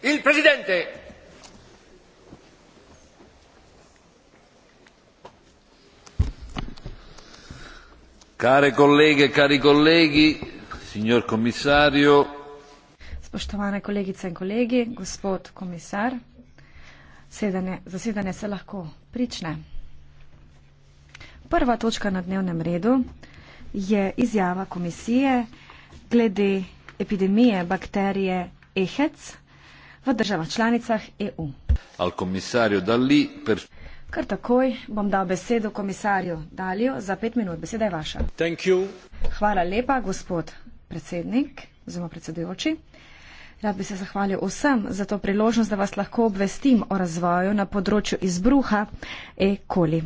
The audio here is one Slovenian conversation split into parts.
Il Presidente. Care colleghe e cari colleghi, signor Commissario. Spoštovane kolegice in kolegi, gospod komisar, sedanje, zasedanje se lahko prične. Prva točka na dnevnem redu je izjava komisije glede epidemije bakterije EHEC, v državah članicah EU. Kar takoj bom dal besedo komisarju Dalijo za pet minut. Beseda je vaša. Hvala lepa, gospod predsednik, oziroma predsedujoči. Rad bi se zahvalil vsem za to priložnost, da vas lahko obvestim o razvoju na področju izbruha e-koli.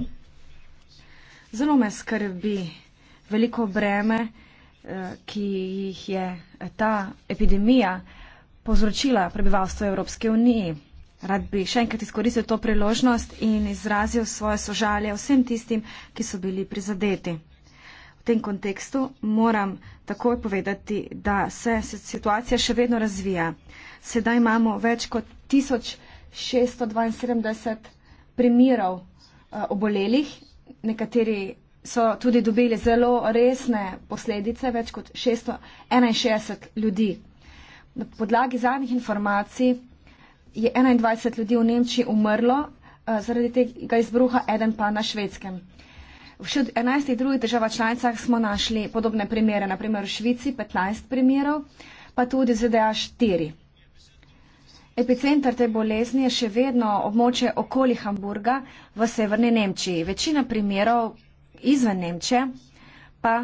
Zelo me skrbi veliko breme, eh, ki jih je ta epidemija povzročila prebivalstvo Evropske unije. Rad bi še enkrat izkoristil to priložnost in izrazil svoje sožalje vsem tistim, ki so bili prizadeti. V tem kontekstu moram takoj povedati, da se situacija še vedno razvija. Sedaj imamo več kot 1672 primerov eh, obolelih. Nekateri so tudi dobili zelo resne posledice, več kot 661 ljudi Na podlagi zadnjih informacij je 21 ljudi v Nemčiji umrlo eh, zaradi tega izbruha, eden pa na švedskem. V 11 drugih državah članicah smo našli podobne primere, naprimer v Švici 15 primerov, pa tudi ZDA 4. Epicenter te bolezni je še vedno območje okoli Hamburga v severni Nemčiji. Večina primerov izven Nemčije pa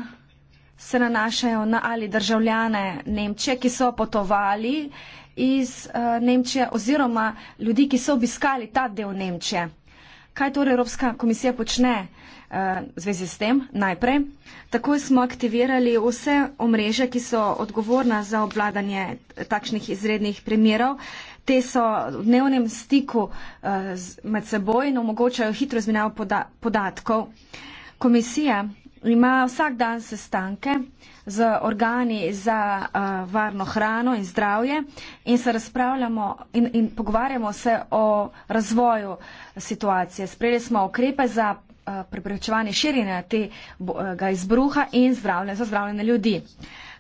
se nanašajo na ali državljane Nemčije, ki so potovali iz uh, Nemčije oziroma ljudi, ki so obiskali ta del Nemčije. Kaj torej Evropska komisija počne uh, v zvezi s tem najprej? Takoj smo aktivirali vse omrežja, ki so odgovorna za obvladanje takšnih izrednih primerov. Te so v dnevnem stiku uh, med seboj in omogočajo hitro izmenjavo poda podatkov. Komisija ima vsak dan sestanke z organi za uh, varno hrano in zdravje in se razpravljamo in, in pogovarjamo se o razvoju situacije. Sprejeli smo ukrepe za uh, preprečevanje širjenja tega eh, izbruha in zdravljen, za zdravljene ljudi.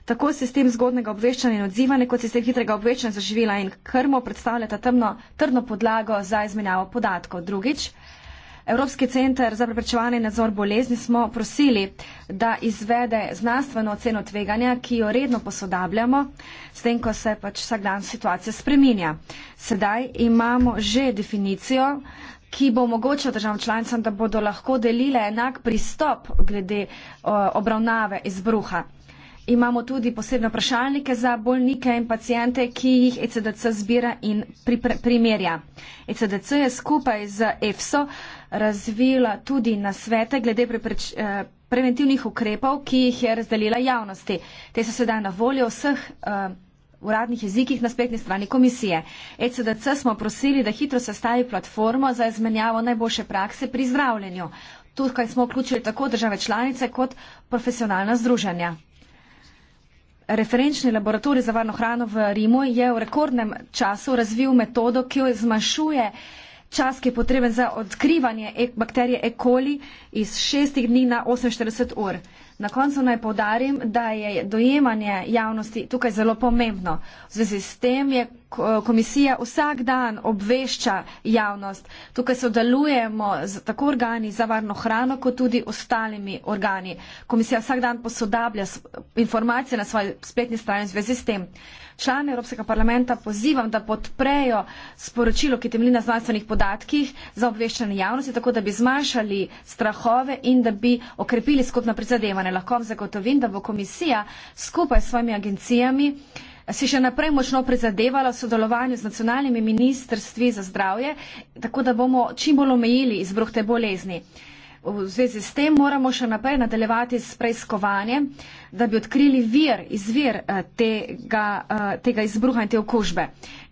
Tako sistem zgodnega obveščanja in odzivanja kot sistem hitrega obveščanja za živila in krmo predstavljata temno, trdno podlago za izmenjavo podatkov. Drugič, Evropski centr za preprečevanje nadzor bolezni smo prosili, da izvede znanstveno oceno tveganja, ki jo redno posodabljamo, s tem, ko se pač vsak dan situacija spreminja. Sedaj imamo že definicijo, ki bo omogočila državam članicam, da bodo lahko delile enak pristop glede obravnave izbruha. Imamo tudi posebne vprašalnike za bolnike in pacijente, ki jih ECDC zbira in pri, pri, primerja. ECDC je skupaj z EFSO razvila tudi na svete glede preprič, eh, preventivnih ukrepov, ki jih je razdelila javnosti. Te so sedaj na voljo vseh eh, uradnih jezikih na spletni strani komisije. ECDC smo prosili, da hitro sestavi platformo za izmenjavo najboljše prakse pri zdravljenju. Tukaj smo vključili tako države članice kot profesionalna združenja. Referenčni laboratorij za varno hrano v Rimu je v rekordnem času razvil metodo, ki jo zmanjšuje čas, ki je potreben za odkrivanje e- bakterije E. coli iz 6 dni na 48 ur. Na koncu naj povdarim, da je dojemanje javnosti tukaj zelo pomembno. V zvezi s tem je komisija vsak dan obvešča javnost. Tukaj sodelujemo z tako organi za varno hrano, kot tudi ostalimi organi. Komisija vsak dan posodablja informacije na svoji spletni strani v zvezi s tem. Člane Evropskega parlamenta pozivam, da podprejo sporočilo, ki temelji na znanstvenih podatkih za obveščanje javnosti, tako da bi zmanjšali strahove in da bi okrepili skupna prizadevanja vprašanje. Lahko vam zagotovim, da bo komisija skupaj s svojimi agencijami si še naprej močno prizadevala v sodelovanju z nacionalnimi ministrstvi za zdravje, tako da bomo čim bolj omejili izbruh te bolezni v zvezi s tem moramo še naprej nadaljevati s preiskovanjem, da bi odkrili vir, izvir eh, tega, eh, tega izbruha in te okužbe.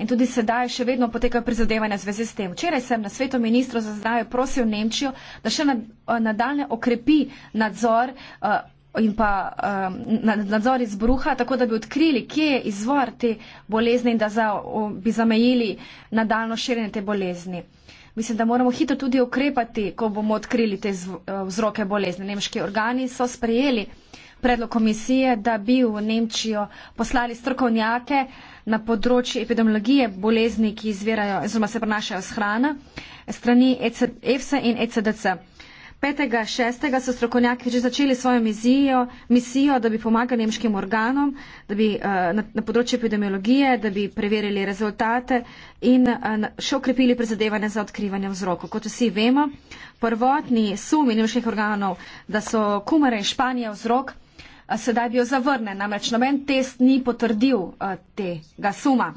In tudi sedaj še vedno potekajo prizadevanja v zvezi s tem. Včeraj sem na svetu ministru za zdravje prosil Nemčijo, da še eh, nadaljne okrepi nadzor in pa um, nadzor izbruha, tako da bi odkrili, kje je izvor te bolezni in da za, o, bi zamejili nadaljno širjenje te bolezni mislim, da moramo hitro tudi ukrepati, ko bomo odkrili te eh, vzroke bolezni. Nemški organi so sprejeli predlog komisije, da bi v Nemčijo poslali strokovnjake na področju epidemiologije bolezni, ki izvirajo, oziroma se prenašajo z hrana, strani EFSA e in ECDC. 5. 6. so strokovnjaki že začeli svojo misijo, misijo da bi pomagali nemškim organom bi, eh, na, na področju epidemiologije, da bi preverili rezultate in eh, še okrepili prizadevanje za odkrivanje vzroka. Kot vsi vemo, prvotni sumi nemških organov, da so kumare in Španija vzrok, eh, sedaj bi jo zavrne. Namreč noben test ni potrdil tega suma.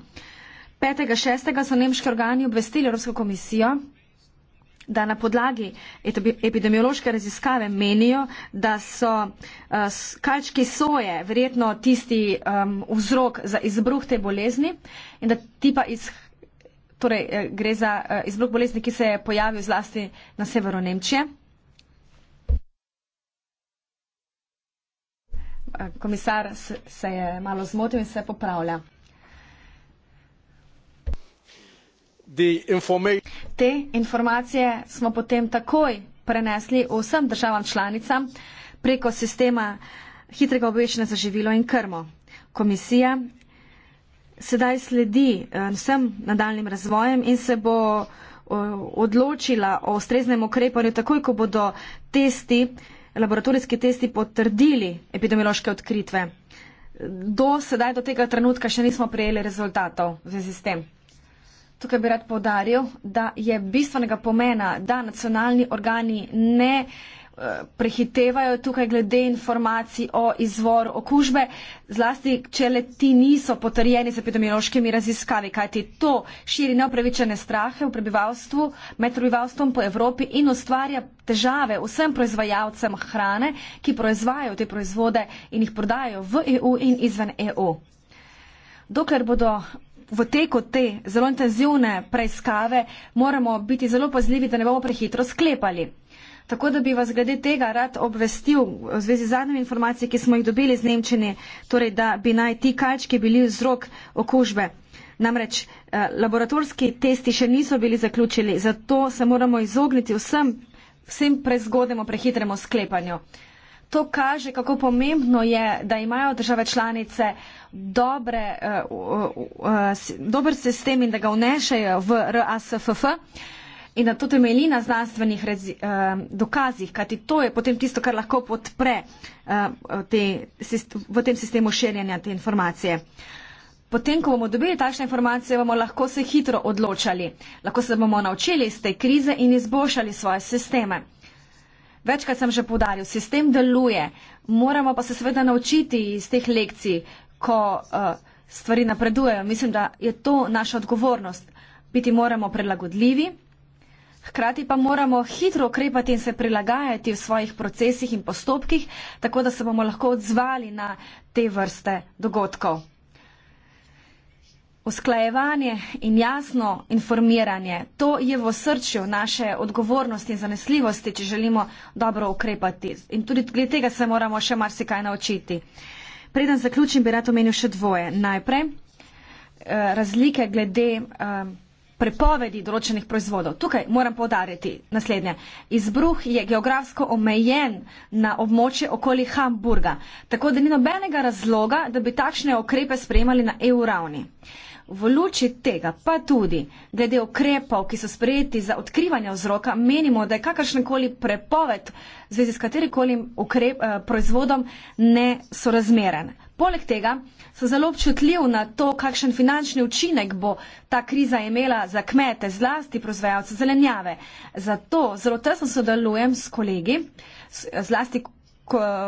5. 6. so nemški organi obvestili Evropsko komisijo da na podlagi epidemiološke raziskave menijo, da so eh, kalčki soje verjetno tisti vzrok za izbruh te bolezni in da tipa iz, torej, eh, gre za eh, izbruh bolezni, ki se je pojavil zlasti na severu Nemčije. Komisar se je malo zmotil in se popravlja. Te informacije smo potem takoj prenesli vsem državam članicam preko sistema hitrega obveščanja za živilo in krmo. Komisija sedaj sledi eh, vsem nadaljnim razvojem in se bo eh, odločila o ustreznem ukrepanju takoj, ko bodo testi, laboratorijski testi potrdili epidemiološke odkritve. Do sedaj, do tega trenutka še nismo prejeli rezultatov v zvezi s tem. Tukaj bi rad povdaril, da je bistvenega pomena, da nacionalni organi ne eh, prehitevajo tukaj glede informacij o izvoru okužbe, zlasti, če le ti niso potrjeni z epidemiološkimi raziskavi, kajti to širi neopravičene strahe v prebivalstvu, med prebivalstvom po Evropi in ustvarja težave vsem proizvajalcem hrane, ki proizvajajo te proizvode in jih prodajajo v EU in izven EU. Dokler bodo v teku te zelo intenzivne preiskave moramo biti zelo pazljivi, da ne bomo prehitro sklepali. Tako da bi vas glede tega rad obvestil v zvezi z zadnjimi informacijami, ki smo jih dobili iz Nemčine, torej da bi naj ti kalčki bili vzrok okužbe. Namreč eh, laboratorijski testi še niso bili zaključili, zato se moramo izogniti vsem, vsem prezgodnemu prehitremu sklepanju. To kaže, kako pomembno je, da imajo države članice eh, dobre, eh, eh, dober sistem in da ga vnešajo v RASFF in da to temelji na znanstvenih eh, dokazih, kajti to je potem tisto, kar lahko podpre v tem sistemu širjenja te informacije. Potem, ko bomo dobili takšne informacije, bomo lahko se hitro odločali. Lahko se bomo naučili iz te krize in izboljšali svoje sisteme. Večkrat sem že povdaril, sistem deluje, moramo pa se seveda naučiti iz teh lekcij, ko uh, stvari napredujejo. Mislim, da je to naša odgovornost. Biti moramo prilagodljivi, hkrati pa moramo hitro ukrepati in se prilagajati v svojih procesih in postopkih, tako da se bomo lahko odzvali na te vrste dogodkov. Usklajevanje in jasno informiranje, to je v srčju naše odgovornosti in zanesljivosti, če želimo dobro ukrepati. In tudi glede tega se moramo še marsikaj naučiti. Uh, Preden zaključim, bi rad omenil še dvoje. Najprej eh, razlike glede eh, prepovedi določenih proizvodov. Tukaj moram podariti naslednje. Izbruh je geografsko omejen na območje okoli Hamburga, tako da ni nobenega razloga, da bi takšne okrepe sprejemali na EU ravni. V luči tega pa tudi glede ukrepov, ki so sprejeti za odkrivanje vzroka, menimo, da je kakršnekoli prepoved v zvezi s katerikoli ukrep, eh, proizvodom nesorazmeren. Poleg tega so zelo občutljiv na to, kakšen finančni učinek bo ta kriza imela za kmete, zlasti proizvajalce zelenjave. Zato zelo tesno sodelujem s kolegi, zlasti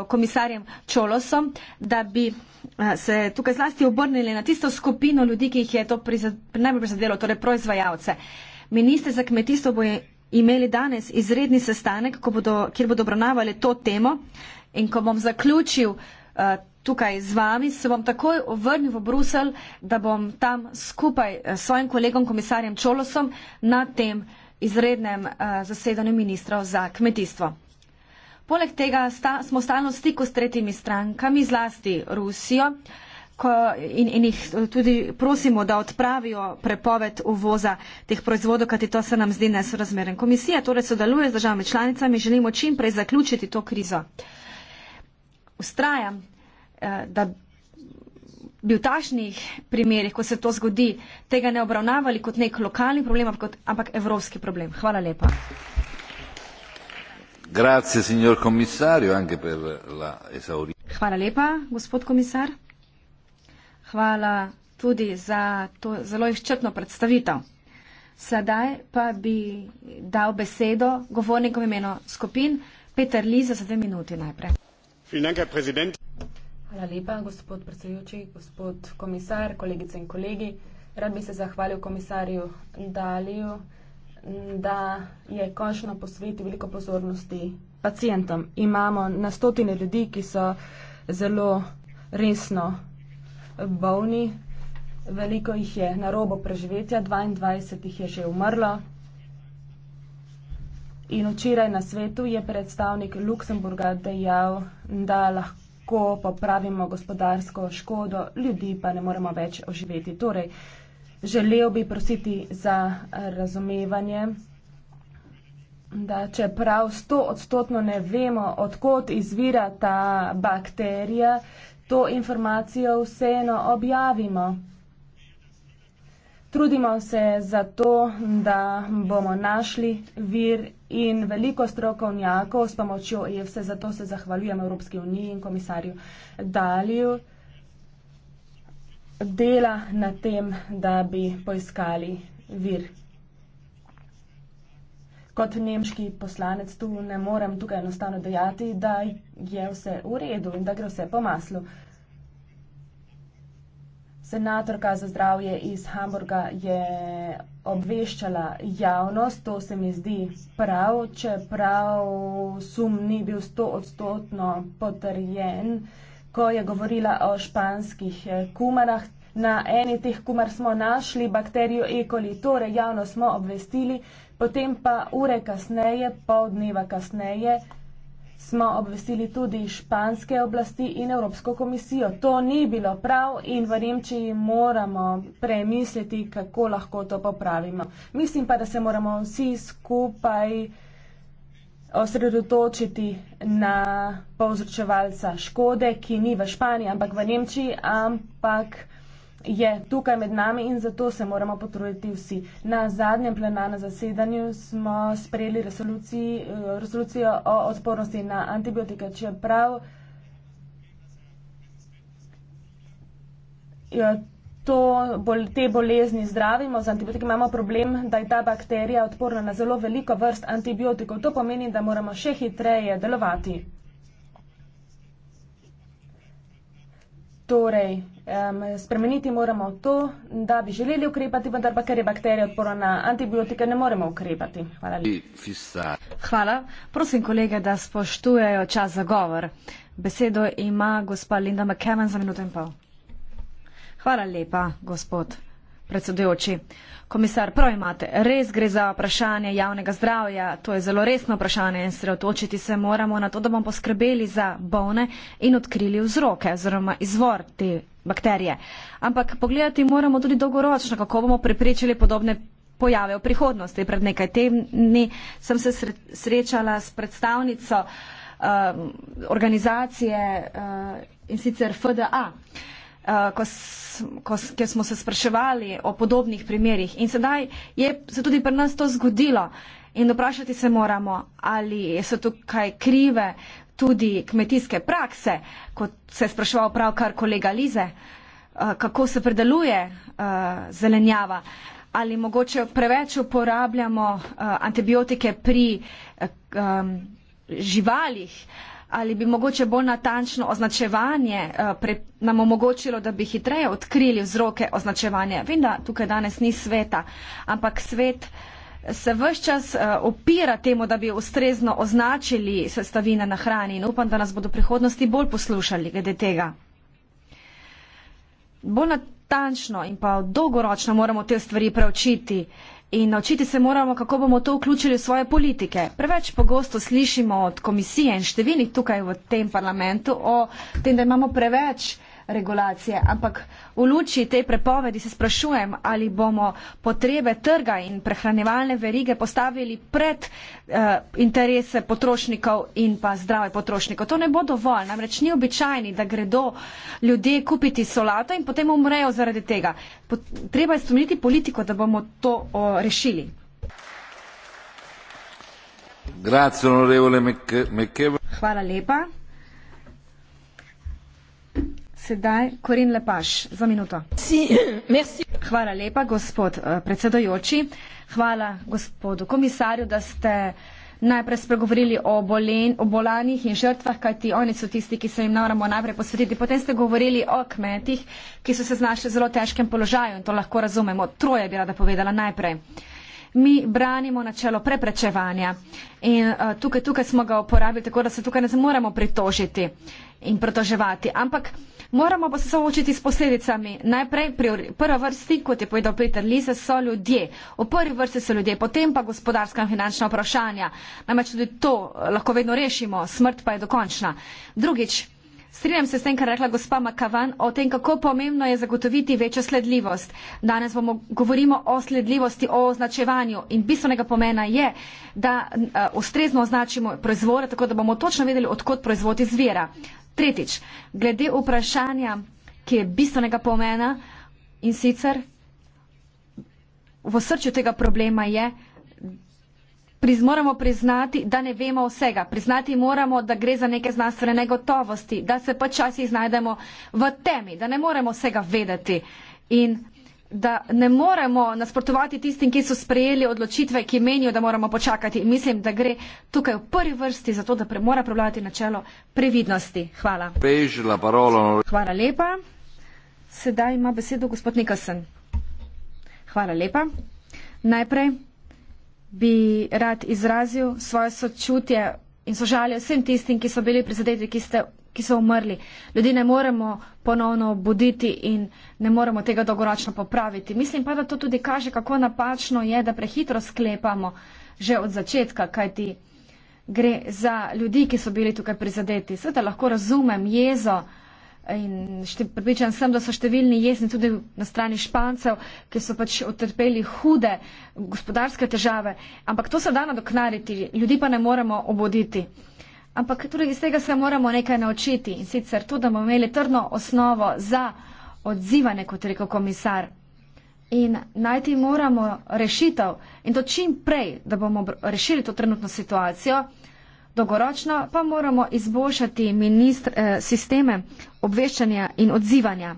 komisarjem Čolosom, da bi eh, se tukaj zlasti obrnili na tisto skupino ljudi, ki jih je to prizad, najbolj prizadelo, torej proizvajalce. Ministr za kmetijstvo bo imeli danes izredni sestanek, bodo, kjer bodo obravnavali to temo in ko bom zaključil eh, tukaj z vami, se bom takoj vrnil v Brusel, da bom tam skupaj eh, s svojim kolegom komisarjem Čolosom na tem izrednem zasedanju ministrov za kmetijstvo. Poleg tega sta, smo stalno v stiku s tretjimi strankami, zlasti Rusijo, ko, in, in jih tudi prosimo, da odpravijo prepoved uvoza teh proizvodov, kajti to se nam zdi nesorazmeren. Komisija torej sodeluje z državami članicami, želimo čim prej zaključiti to krizo. Ustrajam, eh, da bi v tašnih primerjih, ko se to zgodi, tega ne obravnavali kot nek lokalni problem, ampak kot evropski problem. Hvala lepa. Grazie, signor commissario, anche per la esaurita. Hvala lepa, gospod komisar. Hvala tudi za to zelo izčrpno predstavitev. Sedaj pa bi dal besedo govornikom imeno skupin. Peter Liza za dve minuti najprej. Hvala lepa, gospod predsedujoči, gospod komisar, kolegice in kolegi. Rad bi se zahvalil komisarju Daliju da je končno posvetil veliko pozornosti pacijentom. Imamo na stotine ljudi, ki so zelo resno bolni, veliko jih je na robo preživetja, 22 jih je že umrlo. In včeraj na svetu je predstavnik Luksemburga dejal, da lahko popravimo gospodarsko škodo, ljudi pa ne moremo več oživeti. Torej, Želel bi prositi za eh, razumevanje, da čeprav sto odstotno ne vemo, odkot izvira ta bakterija, to informacijo vseeno objavimo. Trudimo se za to, da bomo našli vir in veliko strokovnjakov s pomočjo EFSE, zato se zahvaljujem Evropski uniji in komisarju Dalju dela na tem, da bi poiskali vir. Kot nemški poslanec tu ne morem tukaj enostavno dejati, da je vse v redu in da gre vse po maslu. Senatorka za zdravje iz Hamburga je obveščala javnost, to se mi zdi prav, čeprav sum ni bil stoodstotno potrjen. Uh, ko je govorila o španskih eh, kumarah. Na eni teh kumar smo našli bakterijo E. coli, torej javno smo obvestili, potem pa ure kasneje, pol dneva kasneje, smo obvestili tudi španske oblasti in Evropsko komisijo. To ni bilo prav in v Nemčiji moramo premisliti, kako lahko to popravimo. Mislim pa, da se moramo vsi skupaj osredotočiti na povzročevalca škode, ki ni v Španiji, ampak v Nemčiji, ampak je tukaj med nami in zato se moramo potruditi vsi. Na zadnjem plenarnem zasedanju smo sprejeli resolucijo o odpornosti na antibiotika, čeprav to, bol, te bolezni zdravimo z antibiotiki, imamo problem, da je ta bakterija odporna na zelo veliko vrst antibiotikov. To pomeni, da moramo še hitreje delovati. Torej, um, spremeniti moramo to, da bi želeli ukrepati, vendar pa ker je bakterija odporna na antibiotike, ne moremo ukrepati. Hvala. Lepa. Hvala. Prosim kolege, da spoštujejo čas za govor. Besedo ima gospa Linda McKenna za minuto in pol. Hvala lepa, gospod predsedujoči. Komisar, prav imate, res gre za vprašanje javnega zdravja, to je zelo resno vprašanje in sredotočiti se moramo na to, da bomo poskrbeli za bolne in odkrili vzroke oziroma izvor te bakterije. Ampak pogledati moramo tudi dolgoročno, kako bomo preprečili podobne pojave v prihodnosti. Pred nekaj tedni sem se srečala s predstavnico uh, organizacije uh, in sicer FDA. Uh, Eh, ko, ko, ko smo se spraševali o podobnih primerjih. In sedaj je se tudi pri nas to zgodilo. In vprašati se moramo, ali so tukaj krive tudi kmetijske prakse, kot se je spraševal pravkar kolega Lize, eh, kako se predeluje eh, zelenjava, ali mogoče preveč uporabljamo antibiotike pri ehm, živalih ali bi mogoče bolj natančno označevanje eh, pre, nam omogočilo, da bi hitreje odkrili vzroke označevanja. Vem, da tukaj danes ni sveta, ampak svet se vse čas eh, opira temu, da bi ustrezno označili sestavine na hrani in upam, da nas bodo v prihodnosti bolj poslušali glede tega. Bolj natančno in pa dolgoročno moramo te stvari preučiti. In naučiti se moramo, kako bomo to vključili v svoje politike. Preveč pogosto slišimo od komisije in številnih tukaj v tem parlamentu o tem, da imamo preveč regulacije. Ampak v luči te prepovedi se sprašujem, ali bomo potrebe trga in prehranevalne verige postavili pred eh, interese potrošnikov in pa zdrave potrošnikov. To ne bo dovolj, namreč ni običajni, da gredo ljudje kupiti solato in potem umrejo zaradi tega. Pot treba je spremeniti politiko, da bomo to o, rešili. Grazie onorevole McKevon. Hvala lepa. Sedaj Korin Lepaš za minuto. Hvala lepa, gospod eh, predsedojoči. Hvala gospodu komisarju, da ste najprej spregovorili o, bolen, o bolanih in žrtvah, kajti oni so tisti, ki se jim moramo najprej posvetiti. Potem ste govorili o kmetih, ki so se znašli v zelo težkem položaju in to lahko razumemo. Troje bi rada povedala najprej. Mi branimo načelo preprečevanja in uh, tukaj, tukaj smo ga uporabili, tako da se tukaj ne moremo pritožiti in protoževati. Ampak uh, Moramo pa se soočiti s posledicami. Najprej pri prva vrsti, kot je povedal Peter Lise, so ljudje. V prvi vrsti so ljudje, potem pa gospodarska in finančna vprašanja. Namreč tudi to eh, lahko vedno rešimo, smrt pa je dokončna. Drugič, strinjam se s tem, kar je rekla gospa Makavan, o tem, kako pomembno je zagotoviti večjo sledljivost. Danes bomo govorimo o sledljivosti, o označevanju in bistvenega pomena je, da uh, ustrezno označimo proizvode, tako da bomo točno vedeli, odkot proizvod izvira. Tretjič, glede vprašanja, ki je bistvenega pomena in sicer v srču tega problema je, priz, moramo priznati, da ne vemo vsega. Priznati moramo, da gre za neke znanstvene negotovosti, da se pa časi znajdemo v temi, da ne moremo vsega vedeti. In da ne moremo nasprotovati tistim, ki so sprejeli odločitve, ki menijo, da moramo počakati. Mislim, da gre tukaj v prvi vrsti za to, da pre, mora prevladati načelo previdnosti. Hvala. Hvala lepa. Sedaj ima besedo gospod Nikasen. Hvala lepa. Najprej bi rad izrazil svoje sočutje in sožalje vsem tistim, ki so bili prizadeti, ki ste ki so umrli. Ljudi ne moremo ponovno obuditi in ne moremo tega dolgoročno popraviti. Mislim pa, da to tudi kaže, kako napačno je, da prehitro sklepamo že od začetka, kajti gre za ljudi, ki so bili tukaj prizadeti. Sveda lahko razumem jezo in pripričan sem, da so številni jezni tudi na strani špancev, ki so pač utrpeli hude gospodarske težave, ampak to se da nadoknariti, ljudi pa ne moremo obuditi. Ampak tudi iz tega se moramo nekaj naučiti in sicer to, da bomo imeli trdno osnovo za odzivanje, kot je rekel komisar. In najti moramo rešitev in to čim prej, da bomo rešili to trenutno situacijo, dolgoročno pa moramo izboljšati ministr, eh, sisteme obveščanja in odzivanja.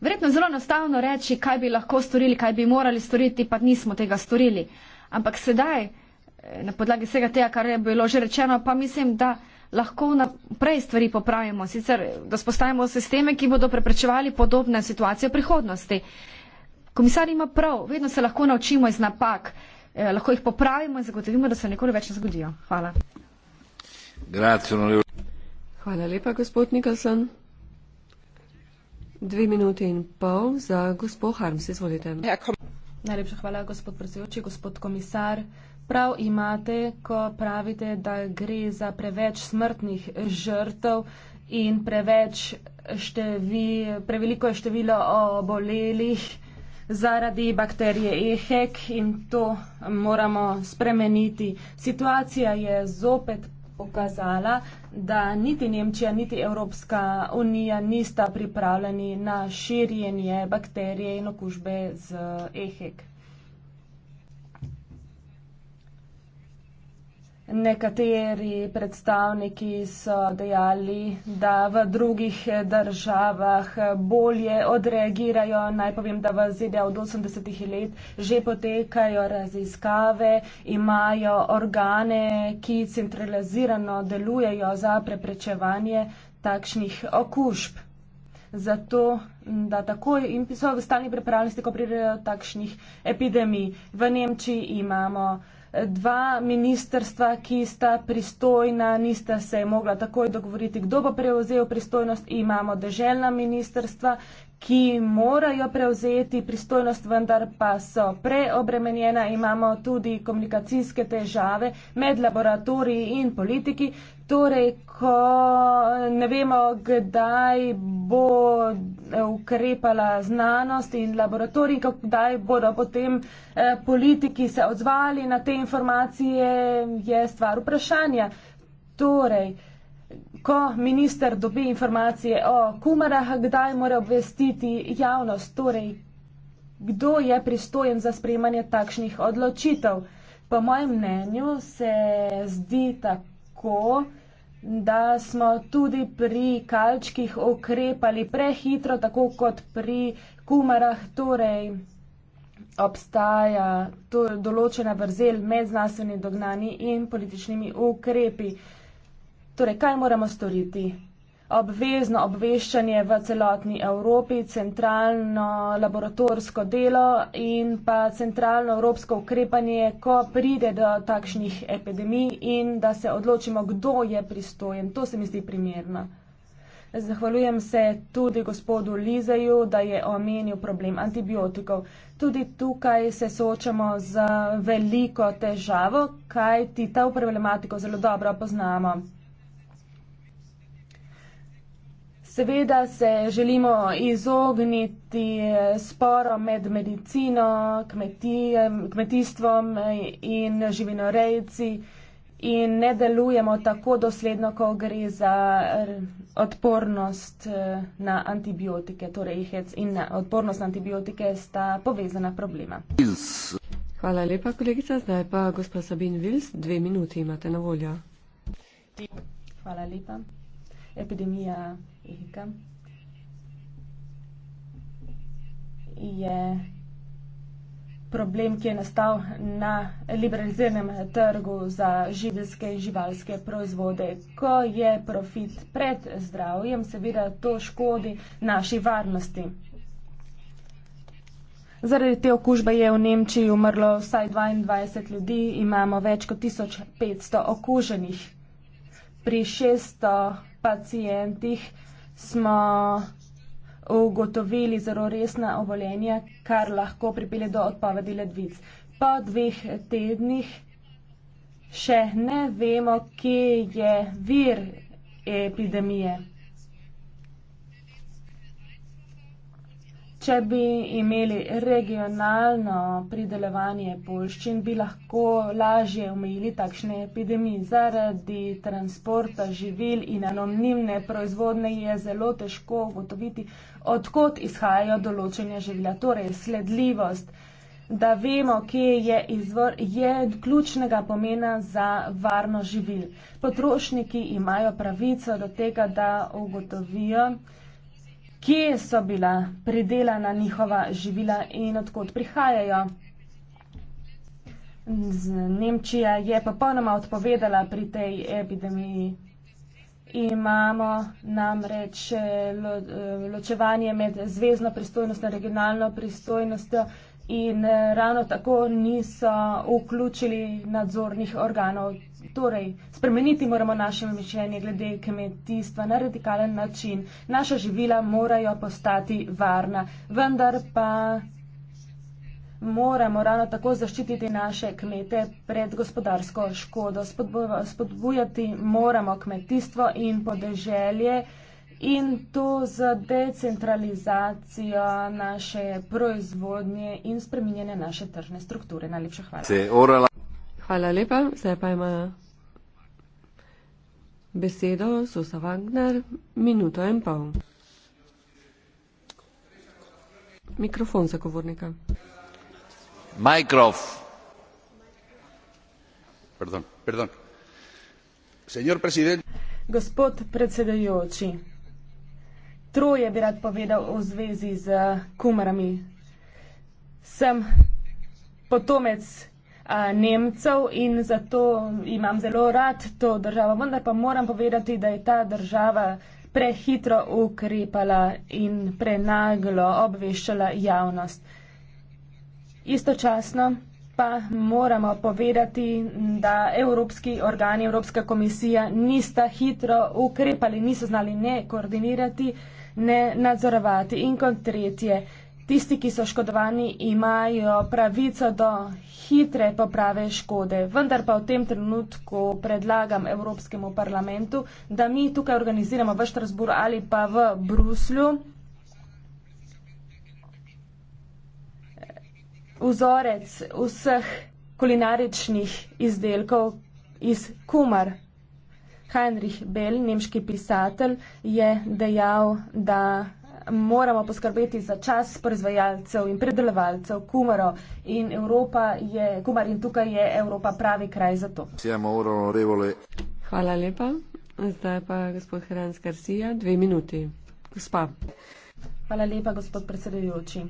Verjetno zelo enostavno reči, kaj bi lahko storili, kaj bi morali storiti, pa nismo tega storili. Ampak sedaj na podlagi vsega tega, kar je bilo že rečeno, pa mislim, da lahko naprej stvari popravimo, sicer da spostavimo sisteme, ki bodo preprečevali podobne situacije v prihodnosti. Komisar ima prav, vedno se lahko naučimo iz napak, eh, lahko jih popravimo in zagotovimo, da se nikoli več ne zgodijo. Hvala. Hvala lepa, gospod Nikolson. Dve minuti in pol za gospod Harms, izvolite. Ja, Najlepša hvala, gospod predsedujoči, gospod komisar. Prav imate, ko pravite, da gre za preveč smrtnih žrtev in preveč števi, preveliko število obolelih zaradi bakterije EHEC in to moramo spremeniti. Situacija je zopet pokazala, da niti Nemčija, niti Evropska unija nista pripravljeni na širjenje bakterije in okužbe z EHEC. Nekateri predstavniki so dejali, da v drugih državah bolje odreagirajo. Naj povem, da v ZDA od 80-ih let že potekajo raziskave, imajo organe, ki centralizirano delujejo za preprečevanje takšnih okužb. Zato, da takoj in so v stani pripravljenosti, ko pridejo takšnih epidemij. V Nemčiji imamo dva ministerstva, ki sta pristojna, nista se mogla takoj dogovoriti, kdo bo prevzel pristojnost. Imamo deželna ministerstva, ki morajo prevzeti pristojnost, vendar pa so preobremenjena. Imamo tudi komunikacijske težave med laboratoriji in politiki. Torej, ko ne vemo, kdaj bo ukrepala znanost in laboratorij, kdaj bodo potem eh, politiki se odzvali na te informacije, je stvar vprašanja. Torej, ko minister dobi informacije o kumarah, kdaj mora obvestiti javnost, torej kdo je pristojen za sprejemanje takšnih odločitev. Po mojem mnenju se zdi tako, da smo tudi pri kalčkih ukrepali prehitro, tako kot pri kumarah, torej obstaja to določena vrzel med znanstvenimi dognani in političnimi ukrepi. Torej, kaj moramo storiti? Obvezno obveščanje v celotni Evropi, centralno laboratorsko delo in pa centralno evropsko ukrepanje, ko pride do takšnih epidemij in da se odločimo, kdo je pristojen. To se mi zdi primerno. Zahvaljujem se tudi gospodu Lizeju, da je omenil problem antibiotikov. Tudi tukaj se soočamo z veliko težavo, kaj ti ta problematiko zelo dobro poznamo. Seveda se želimo izogniti eh, sporom med medicino, kmetij, eh, kmetijstvom eh, in živinorejci in ne delujemo tako dosledno, ko gre za odpornost na antibiotike, torej HEC in na odpornost na antibiotike sta povezana problema. Hvala lepa, kolegica. Zdaj pa gospod Sabin Vils, dve minuti imate na voljo. Hvala lepa. Epidemija Erika. Je problem, ki je nastal na liberaliziranem trgu za živelske in živalske proizvode. Ko je profit pred zdravjem, seveda to škodi naši varnosti. Zaradi te okužbe je v Nemčiji umrlo vsaj 22 ljudi, imamo več kot 1500 okuženih. Pri 600 pacijentih smo ugotovili zelo resna obolenja, kar lahko pripelje do odpovedi ledvic. Po dveh tednih še ne vemo, kje je vir epidemije. Če bi imeli regionalno pridelovanje polščin, bi lahko lažje omejili takšne epidemije. Zaradi transporta živil in anonimne proizvodne je zelo težko ugotoviti, odkot izhajajo določene živila. Torej, sledljivost, da vemo, kje je izvor, je ključnega pomena za varno živil. Potrošniki imajo pravico do tega, da ugotovijo, kje so bila predelana njihova živila in odkot prihajajo. Nemčija je popolnoma odpovedala pri tej epidemiji. Imamo namreč eh, eh, ločevanje med zvezdno pristojnostjo in regionalno pristojnostjo in eh, ravno tako niso vključili nadzornih organov. Torej, spremeniti moramo naše mišljenje glede kmetijstva na radikalen način. Naša živila morajo postati varna, vendar pa moramo ravno tako zaščititi naše kmete pred gospodarsko škodo. Spodbujati moramo kmetijstvo in podeželje in to z decentralizacijo naše proizvodnje in spreminjanje naše tržne strukture. Najlepša hvala. Hvala lepa. Zdaj pa ima besedo Susa Wagner. Minuto in pol. Mikrofon za govornika. Mikrof. Pardon, pardon. Gospod predsedujoči, troje bi rad povedal v zvezi z kumarami. Sem potomec a, Nemcev in zato imam zelo rad to državo, vendar pa moram povedati, da je ta država prehitro ukrepala in prenaglo obveščala javnost. Istočasno pa moramo povedati, da evropski organi, Evropska komisija nista hitro ukrepali, niso znali ne koordinirati ne nadzorovati. In kot tretje, tisti, ki so škodovani, imajo pravico do hitre poprave škode. Vendar pa v tem trenutku predlagam Evropskemu parlamentu, da mi tukaj organiziramo v Štrasburu ali pa v Bruslju. Vzorec vseh kulinaričnih izdelkov iz kumar Heinrich Bell, nemški pisatelj, je dejal, da moramo poskrbeti za čas proizvajalcev in predelovalcev kumaro in Evropa je, kumar in tukaj je Evropa pravi kraj za to. Hvala lepa. Zdaj pa gospod Hrans Garcia, dve minuti. Gospa. Hvala lepa, gospod predsedujoči.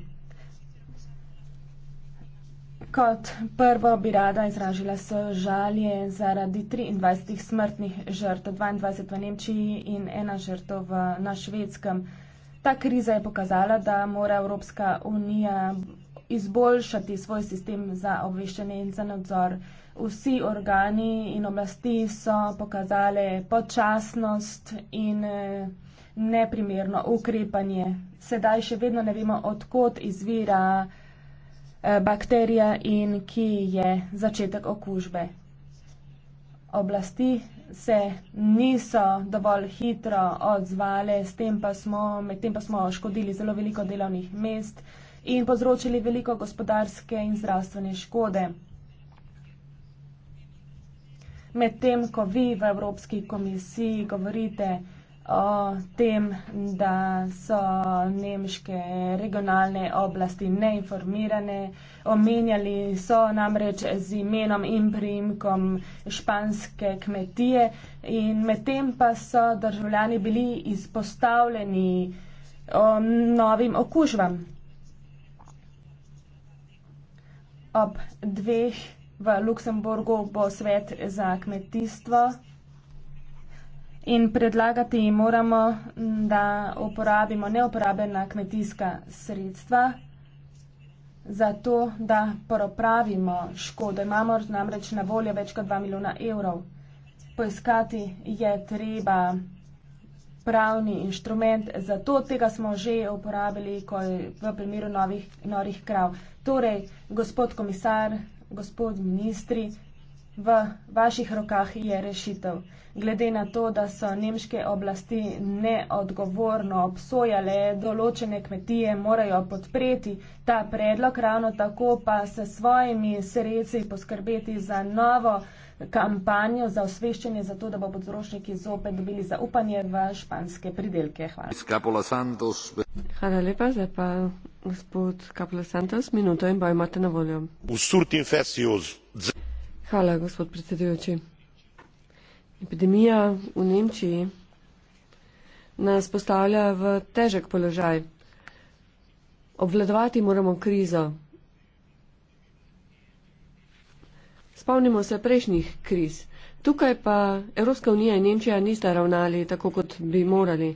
Kot prvo bi rada izražila so žalje zaradi 23 smrtnih žrtev, 22 v Nemčiji in ena žrtev na švedskem. Ta kriza je pokazala, da mora Evropska unija izboljšati svoj sistem za obveščanje in za nadzor. Vsi organi in oblasti so pokazali počasnost in eh, neprimerno ukrepanje. Sedaj še vedno ne vemo, odkot izvira. Eh, bakterija in ki je začetek okužbe. Oblasti se niso dovolj hitro odzvale, s tem pa smo, med tem pa smo škodili zelo veliko delovnih mest in povzročili veliko gospodarske in zdravstvene škode. Medtem, ko vi v Evropski komisiji govorite, o tem, da so nemške regionalne oblasti neinformirane. Omenjali so namreč z imenom in priimkom španske kmetije in medtem pa so državljani bili izpostavljeni novim okužbam. Ob dveh v Luksemburgu bo svet za kmetijstvo in predlagati jim moramo, da uporabimo neuporabljena kmetijska sredstva za to, da popravimo škodo. Imamo namreč na voljo več kot 2 milijona evrov. Poiskati je treba pravni inštrument, zato tega smo že uporabili v primeru novih, norih krav. Torej, gospod komisar, gospod ministri, v vaših rokah je rešitev glede na to, da so nemške oblasti neodgovorno obsojale določene kmetije, morajo podpreti ta predlog, ravno tako pa se svojimi sredci poskrbeti za novo kampanjo za osveščanje, zato da bo potrošniki zopet dobili zaupanje v španske pridelke. Hvala. Skapola Santos. Hvala lepa, zdaj pa gospod Kapola Santos, minuto in pa imate na voljo. Hvala, gospod predsedujoči. Epidemija v Nemčiji nas postavlja v težek položaj. Obvladovati moramo krizo. Spomnimo se prejšnjih kriz. Tukaj pa Evropska unija in Nemčija nista ravnali tako, kot bi morali.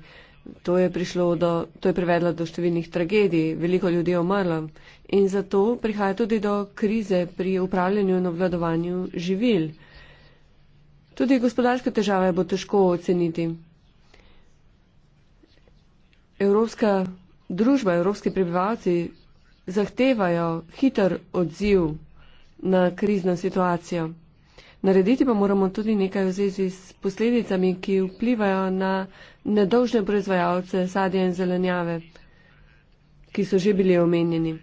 To je, do, to je privedlo do številnih tragedij, veliko ljudi je umrlo in zato prihaja tudi do krize pri upravljanju in obvladovanju živil. Tudi gospodarske težave bo težko oceniti. Evropska družba, evropski prebivalci zahtevajo hiter odziv na krizno situacijo. Narediti pa moramo tudi nekaj v zvezi s posledicami, ki vplivajo na nedolžne proizvajalce sadja in zelenjave, ki so že bili omenjeni.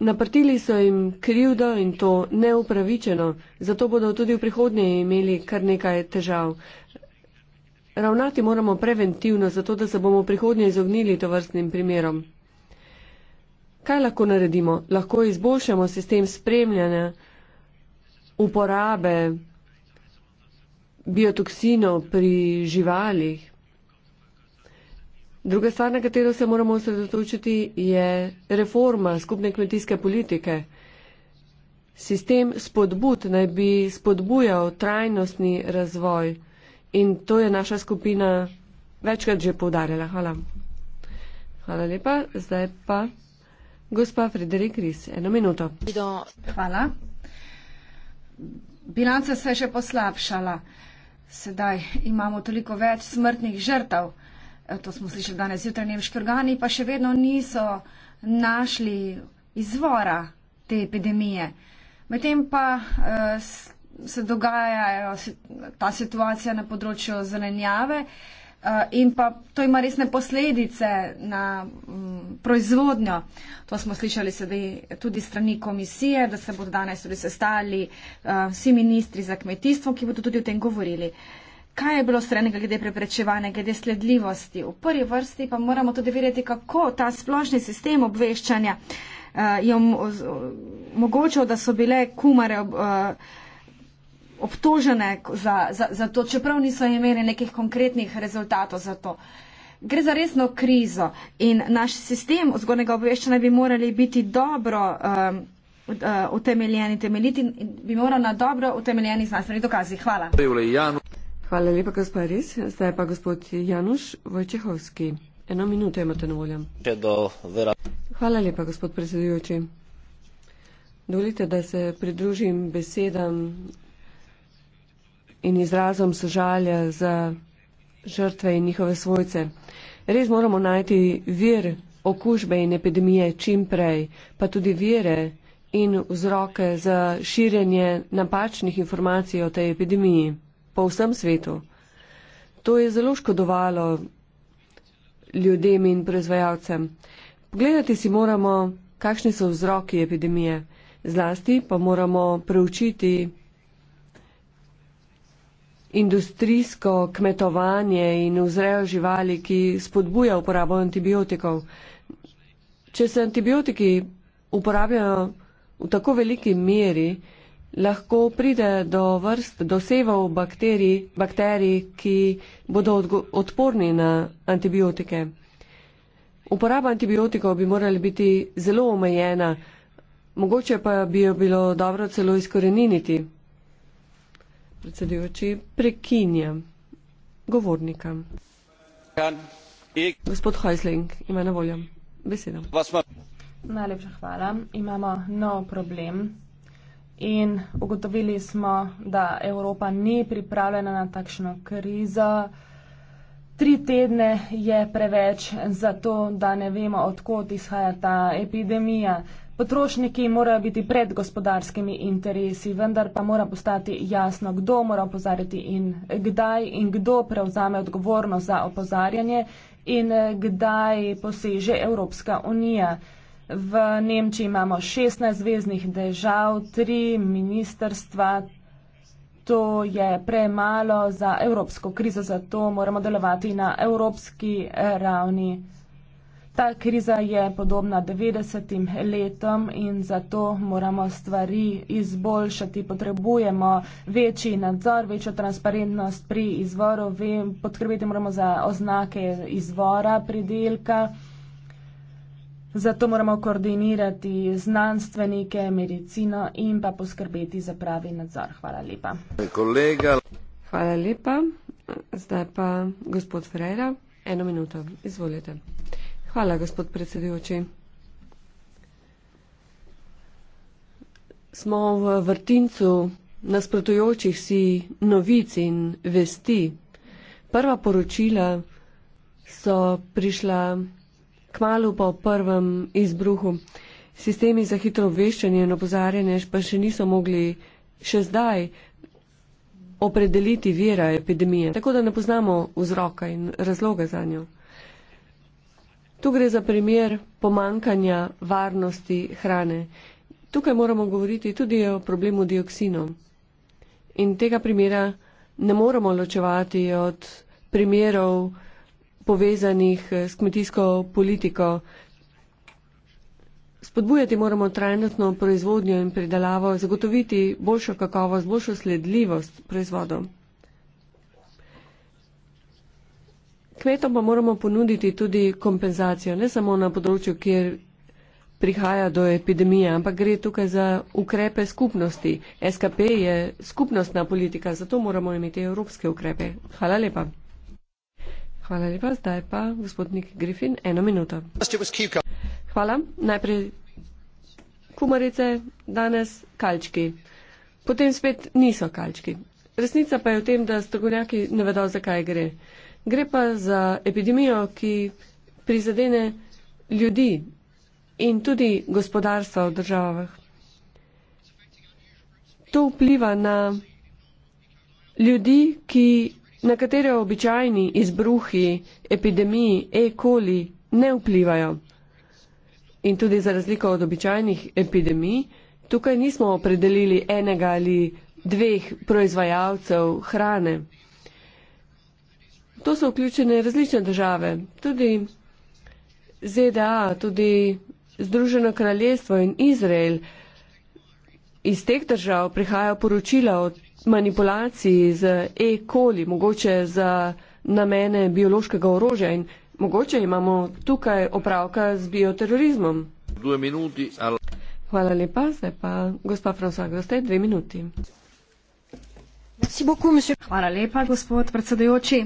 Naprtili so jim krivdo in to neupravičeno, zato bodo tudi v prihodnje imeli kar nekaj težav. Ravnati moramo preventivno, zato da se bomo v prihodnje izognili to vrstnim primerom. Kaj lahko naredimo? Lahko izboljšamo sistem spremljanja, uporabe biotoksinov pri živalih. Druga stvar, na katero se moramo osredotočiti, je reforma skupne kmetijske politike. Sistem spodbud naj bi spodbujal trajnostni razvoj in to je naša skupina večkrat že povdarjala. Hvala. Hvala lepa. Zdaj pa gospa Frederik Ris. Eno minuto. Hvala. Bilanca se je še poslabšala. Sedaj imamo toliko več smrtnih žrtav. Eh, to smo slišali danes jutraj, nemški organi pa še vedno niso našli izvora te epidemije. Medtem pa eh, se dogaja ta situacija na področju zelenjave eh, in pa to ima resne posledice na mm, proizvodnjo. To smo slišali tudi strani komisije, da se bodo danes tudi sestali vsi ministri za kmetijstvo, ki bodo tudi o tem govorili kaj je bilo strenega glede preprečevanja, glede sledljivosti. V prvi vrsti pa moramo tudi verjeti, kako ta splošni sistem obveščanja uh, je omogočal, da so bile kumare ob, uh, obtožene za, za, za to, čeprav niso imeli nekih konkretnih rezultatov za to. Gre za resno krizo in naš sistem vzgojnega obveščanja bi morali biti dobro um, utemeljeni, temeljiti in bi moral na dobro utemeljeni znanstveni dokazi. Hvala. Hvala lepa, gospod Res. Zdaj pa gospod Januš Vojčehovski. Eno minuto imate na voljo. Hvala lepa, gospod predsedujoči. Dovolite, da se pridružim besedam in izrazom sožalja za žrtve in njihove svojce. Res moramo najti vir okužbe in epidemije čim prej, pa tudi vire in vzroke za širjenje napačnih informacij o tej epidemiji po vsem svetu. To je zelo škodovalo ljudem in proizvajalcem. Pogledati si moramo, kakšni so vzroki epidemije. Zlasti pa moramo preučiti industrijsko kmetovanje in vzrejo živali, ki spodbuja uporabo antibiotikov. Če se antibiotiki uporabljajo v tako veliki meri, lahko pride do vrst dosevov bakterij, bakterij ki bodo odporni na antibiotike. Uporaba antibiotikov bi morala biti zelo omejena, mogoče pa bi jo bilo dobro celo izkoreniniti. Predsedujoči, prekinjam govornika. Gospod Heisling ima na voljo besedo. Najlepša hvala. Imamo nov problem in ugotovili smo, da Evropa ni pripravljena na takšno krizo. Tri tedne je preveč za to, da ne vemo, odkot izhaja ta epidemija. Potrošniki morajo biti pred gospodarskimi interesi, vendar pa mora postati jasno, kdo mora opozarjati in kdaj in kdo prevzame odgovornost za opozarjanje in kdaj poseže Evropska unija. V Nemčiji imamo 16 zveznih držav, 3 ministerstva. To je premalo za evropsko krizo, zato moramo delovati na evropski ravni. Ta kriza je podobna 90. letom in zato moramo stvari izboljšati. Potrebujemo večji nadzor, večjo transparentnost pri izvoru. Podkrbeti moramo za oznake izvora pridelka. Zato moramo koordinirati znanstvenike, medicino in pa poskrbeti za pravi nadzor. Hvala lepa. Kolega. Hvala lepa. Zdaj pa gospod Ferreira, eno minuto. Izvolite. Hvala, gospod predsedujoči. Smo v vrtincu nasprotujočih si novic in vesti. Prva poročila so prišla kmalo po prvem izbruhu. Sistemi za hitro obveščanje in opozarjanje pa še niso mogli še zdaj opredeliti vira epidemije, tako da ne poznamo vzroka in razloga za njo. Tu gre za primer pomankanja varnosti hrane. Tukaj moramo govoriti tudi o problemu dioksinov. In tega primera ne moremo ločevati od primerov povezanih eh, s kmetijsko politiko. Spodbujati moramo trajnostno proizvodnjo in predelavo, zagotoviti boljšo kakovost, boljšo sledljivost proizvodov. Kmetom pa moramo ponuditi tudi kompenzacijo, ne samo na področju, kjer prihaja do epidemije, ampak gre tukaj za ukrepe skupnosti. SKP je skupnostna politika, zato moramo imeti evropske ukrepe. Hvala lepa. Hvala lepa. Zdaj pa gospod Nik Griffin, eno minuto. Hvala. Najprej kumarice, danes kalčki. Potem spet niso kalčki. Resnica pa je v tem, da strokovnjaki ne vedo, zakaj gre. Gre pa za epidemijo, ki prizadene ljudi in tudi gospodarstva v državah. To vpliva na ljudi, ki na katere običajni izbruhi epidemiji E. coli ne vplivajo. In tudi za razliko od običajnih epidemij, tukaj nismo opredelili enega ali dveh proizvajalcev hrane. To so vključene različne države, tudi ZDA, tudi Združeno kraljestvo in Izrael. Iz teh držav prihajajo poročila o manipulacij z e-koli, mogoče za namene biološkega orožja in mogoče imamo tukaj opravka z bioterorizmom. Minuti, al... Hvala lepa, zdaj pa gospa Fransa, ste dve minuti. Hvala lepa, gospod predsedujoči.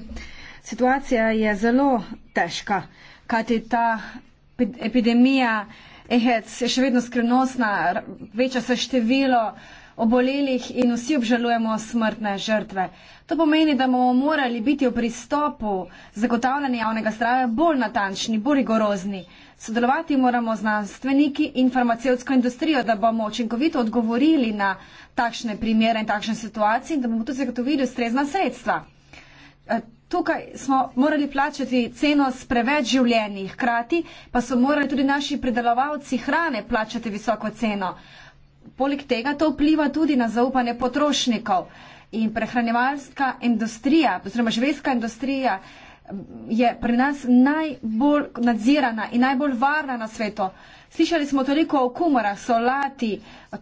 Situacija je zelo težka, kajti ta epidemija EHEC je še vedno skrivnostna, veča se število obolelih in vsi obžalujemo smrtne žrtve. To pomeni, da bomo morali biti v pristopu zagotavljanja javnega zdravja bolj natančni, bolj rigorozni. Sodelovati moramo z znanstveniki in farmacevtsko industrijo, da bomo očinkovito odgovorili na takšne primere in takšne situacije in da bomo tudi zagotovili ustrezna sredstva. Eh, tukaj smo morali plačati ceno s preveč življenjih, hkrati pa so morali tudi naši predelovalci hrane plačati visoko ceno. Poleg tega to vpliva tudi na zaupanje potrošnikov in prehranjevalska industrija oziroma živeska industrija je pri nas najbolj nadzirana in najbolj varna na svetu. Slišali smo toliko o kumorah, solati,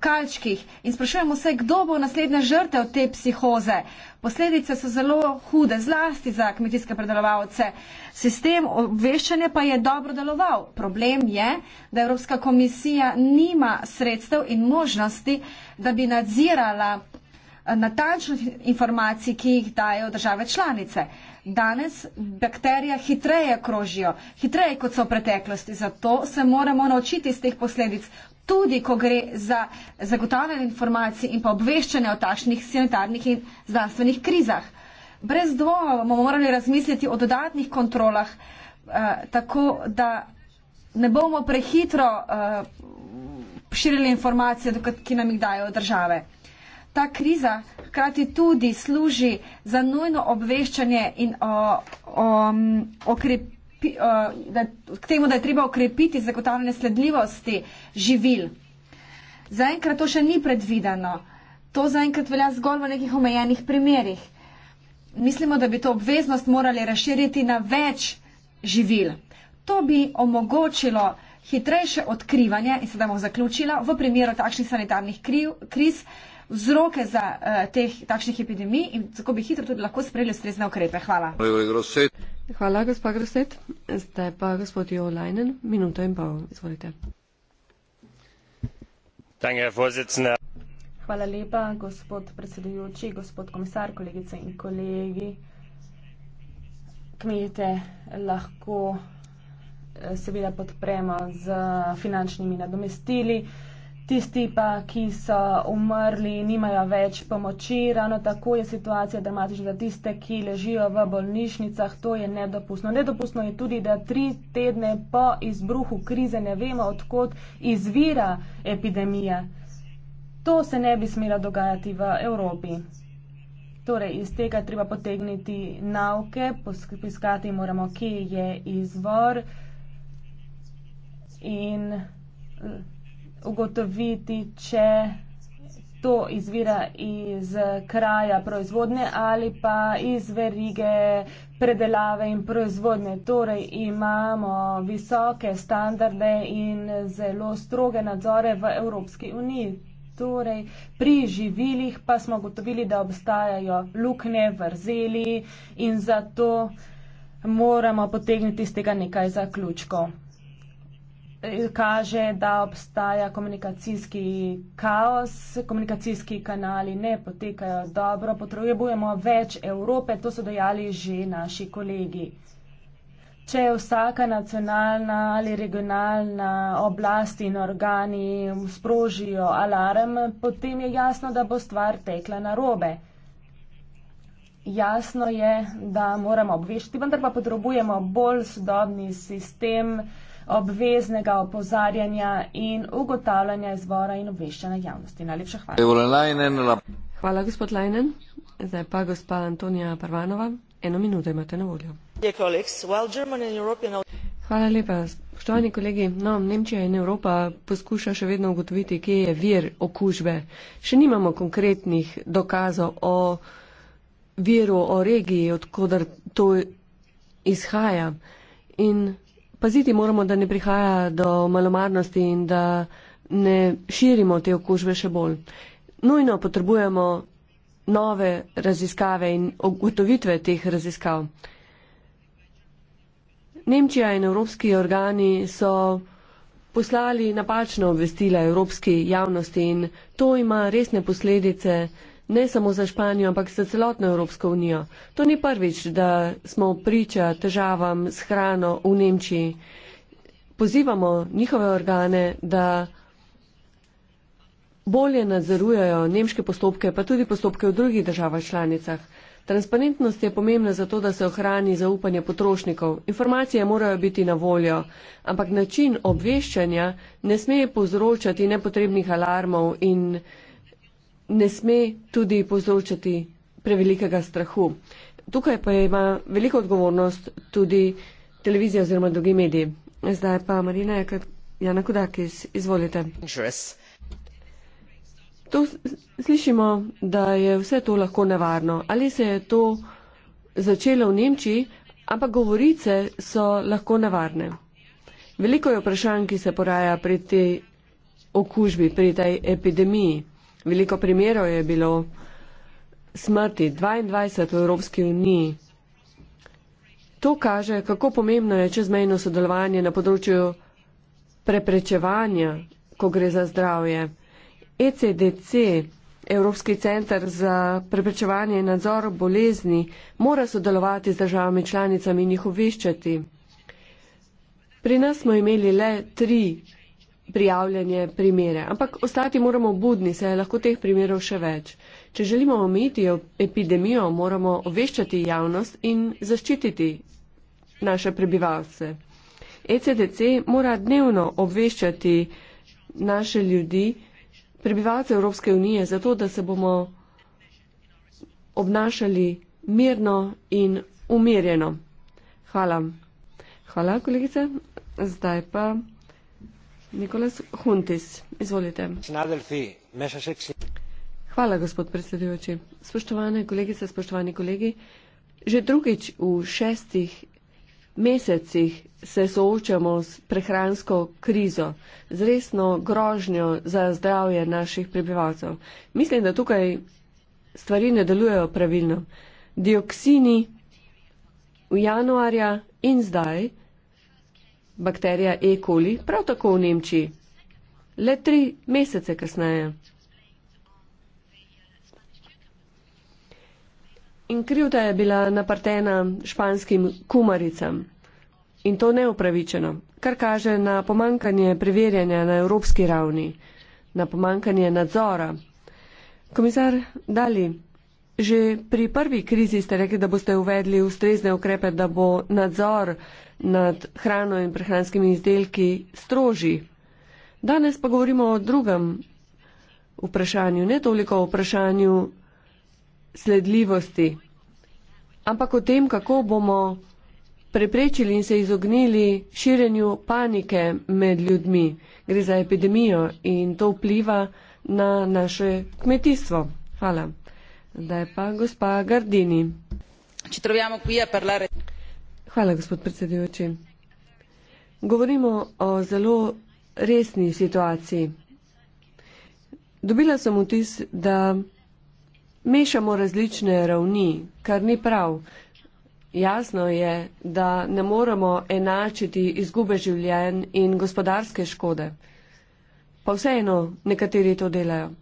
kalčkih in sprašujemo se, kdo bo naslednja žrtev te psihoze. Posledice so zelo hude, zlasti za kmetijske predelovalce. Sistem obveščanja pa je dobro deloval. Problem je, da Evropska komisija nima sredstev in možnosti, da bi nadzirala natančnih informacij, ki jih dajo države članice. Danes bakterije hitreje krožijo, hitreje kot so v preteklosti, zato se moramo naučiti iz teh posledic, tudi ko gre za zagotavljanje informacij in pa obveščanje o takšnih sanitarnih in zdravstvenih krizah. Brez dvoma bomo morali razmisliti o dodatnih kontrolah, eh, tako da ne bomo prehitro eh, širili informacije, ki nam jih dajo države ta kriza hkrati tudi služi za nujno obveščanje in o, o, okrepi, o, da, k temu, da je treba okrepiti zagotavljanje sledljivosti živil. Zaenkrat to še ni predvideno. To zaenkrat velja zgolj v nekih omejenih primerih. Mislimo, da bi to obveznost morali razširiti na več živil. To bi omogočilo hitrejše odkrivanje in sedaj bom zaključila v primeru takšnih sanitarnih kriv, kriz vzroke za uh, teh takšnih epidemij in kako bi hitro tudi lahko sprejeli ustrezne ukrepe. Hvala. Hvala, gospa Groset. Zdaj pa gospod Jo Leinen, minuto in pol, izvolite. Hvala lepa, gospod predsedujoči, gospod komisar, kolegice in kolegi. Kmete lahko eh, seveda podprema z finančnimi nadomestili. Uh, tisti pa, ki so umrli, nimajo več pomoči. Ravno tako je situacija dramatična za tiste, ki ležijo v bolnišnicah. To je nedopustno. Nedopustno je tudi, da tri tedne po izbruhu krize ne vemo, odkot izvira epidemija. To se ne bi smelo dogajati v Evropi. Torej, iz tega treba potegniti nauke, poskati moramo, kje je izvor. In, ugotoviti, če to izvira iz kraja proizvodne ali pa iz verige predelave in proizvodne. Torej imamo visoke standarde in zelo stroge nadzore v Evropski uniji. Torej, pri živilih pa smo gotovili, da obstajajo lukne, vrzeli in zato moramo potegniti z tega nekaj zaključkov kaže, da obstaja komunikacijski kaos, komunikacijski kanali ne potekajo dobro, potrebujemo več Evrope, to so dejali že naši kolegi. Če vsaka nacionalna ali regionalna oblast in organi sprožijo alarm, potem je jasno, da bo stvar tekla na robe. Jasno je, da moramo obveščati, vendar pa potrebujemo bolj sodobni sistem, obveznega opozarjanja in ugotavljanja izvora in obveščanja javnosti. Najlepša hvala. Hvala, gospod Lajnen. Zdaj pa gospa Antonija Parvanova. Eno minuto imate na voljo. Hvala lepa. Poštovani kolegi, no, Nemčija in Evropa poskuša še vedno ugotoviti, kje je vir okužbe. Še nimamo konkretnih dokazov o viru, o regiji, odkudar to izhaja. In paziti moramo, da ne prihaja do malomarnosti in da ne širimo te okužbe še bolj. Nujno potrebujemo nove raziskave in ugotovitve teh raziskav. Nemčija in evropski organi so poslali napačno obvestila evropski javnosti in to ima resne posledice ne samo za Španijo, ampak za celotno Evropsko unijo. To ni prvič, da smo priča težavam s hrano v Nemčiji. Pozivamo njihove organe, da bolje nadzorujejo nemške postopke, pa tudi postopke v drugih državah članicah. Transparentnost je pomembna zato, da se ohrani zaupanje potrošnikov. Informacije morajo biti na voljo, ampak način obveščanja ne sme povzročati nepotrebnih alarmov in ne sme tudi povzročati prevelikega strahu. Tukaj pa ima veliko odgovornost tudi televizija oziroma drugi mediji. Zdaj pa Marina Jakar, Jana Kudakis, izvolite. To slišimo, da je vse to lahko nevarno. Ali se je to začelo v Nemčiji, ampak govorice so lahko nevarne. Veliko je vprašanj, ki se poraja pri tej okužbi, pri tej epidemiji. Veliko primerov je bilo smrti 22 v Evropski uniji. To kaže, kako pomembno je čezmejno sodelovanje na področju preprečevanja, ko gre za zdravje. ECDC, Evropski centr za preprečevanje in nadzor bolezni, mora sodelovati z državami članicami in jih obveščati. Pri nas smo imeli le tri prijavljanje primere. Ampak ostati moramo budni, se je lahko teh primerov še več. Če želimo omejiti epidemijo, moramo obveščati javnost in zaščititi naše prebivalce. ECDC mora dnevno obveščati naše ljudi, prebivalce Evropske unije, zato da se bomo obnašali mirno in umirjeno. Hvala. Hvala, kolegica. Zdaj pa. Hvala, gospod predsedujoči. Spoštovane kolegice, spoštovani kolegi, že drugič v šestih mesecih se soočamo s prehransko krizo, z resno grožnjo za zdravje naših prebivalcev. Mislim, da tukaj stvari ne delujejo pravilno. Dioksini v januarja in zdaj bakterija E. coli, prav tako v Nemčiji, le tri mesece kasneje. In krivda je bila napartena španskim kumaricam. In to neupravičeno, kar kaže na pomankanje preverjanja na evropski ravni, na pomankanje nadzora. Komisar Dali, že pri prvi krizi ste rekli, da boste uvedli ustrezne ukrepe, da bo nadzor uh, nad hrano in prehranskimi izdelki stroži. Danes pa govorimo o drugem vprašanju, ne toliko o vprašanju sledljivosti, ampak o tem, kako bomo preprečili in se izognili širjenju panike med ljudmi. Gre za epidemijo in to vpliva na naše kmetijstvo. Hvala. Zdaj pa gospa Gardini. Hvala, gospod predsedujoči. Govorimo o zelo resni situaciji. Dobila sem vtis, da mešamo različne ravni, kar ni prav. Jasno je, da ne moremo enačiti izgube življenj in gospodarske škode. Pa vseeno nekateri to delajo.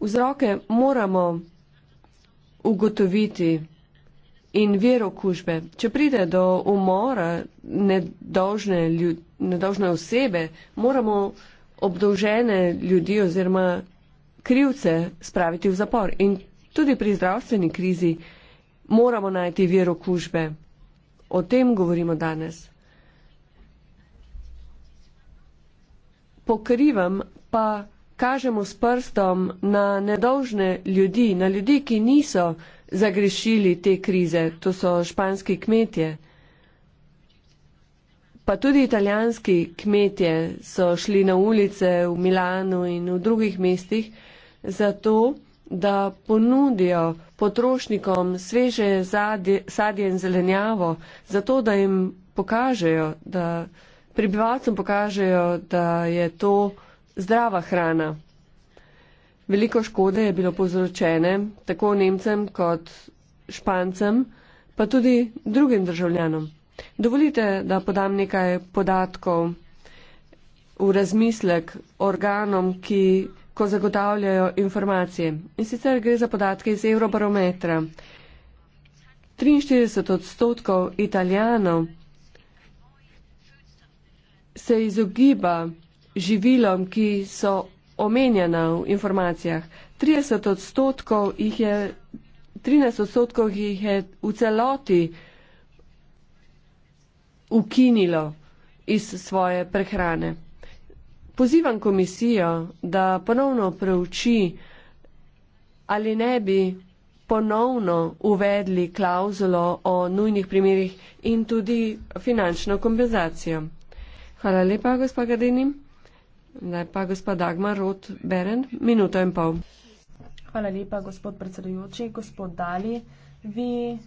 Vzroke moramo ugotoviti in verokužbe. Če pride do umora nedolžne, ljud, nedolžne osebe, moramo obdolžene ljudi oziroma krivce spraviti v zapor. In tudi pri zdravstveni krizi moramo najti verokužbe. O tem govorimo danes. Pokrivam pa kažemo s prstom na nedolžne ljudi, na ljudi, ki niso zagrešili te krize. To so španski kmetje. Pa tudi italijanski kmetje so šli na ulice v Milanu in v drugih mestih zato, da ponudijo potrošnikom sveže sadje in zelenjavo, zato, da jim pokažejo, da prebivalcem pokažejo, da je to zdrava hrana. Veliko škode je bilo povzročene tako Nemcem kot Špancem, pa tudi drugim državljanom. Dovolite, da podam nekaj podatkov v razmislek organom, ki ko zagotavljajo informacije. In sicer gre za podatke iz Eurobarometra. 43 odstotkov italijanov se izogiba živilom, ki so omenjena v informacijah. 30 odstotkov jih je, 13 odstotkov jih je v celoti ukinilo iz svoje prehrane. Pozivam komisijo, da ponovno preuči, ali ne bi ponovno uvedli klauzulo o nujnih primerjih in tudi finančno kompenzacijo. Hvala lepa, gospod Gardinim. Ne pa gospod Dagmar Rot Beren, minuto in pol. Hvala lepa, gospod predsedujoči, gospod Dali. Vi,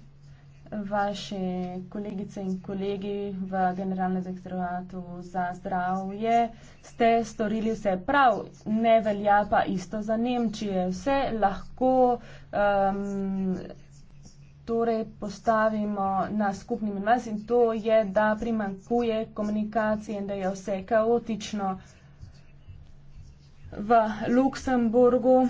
vaše kolegice in kolegi v Generalnem zagotovatu za zdravje, ste storili vse prav, ne velja pa isto za Nemčije. Vse lahko um, torej postavimo na skupni minus in to je, da primankuje komunikacije in da je vse kaotično v Luksemburgu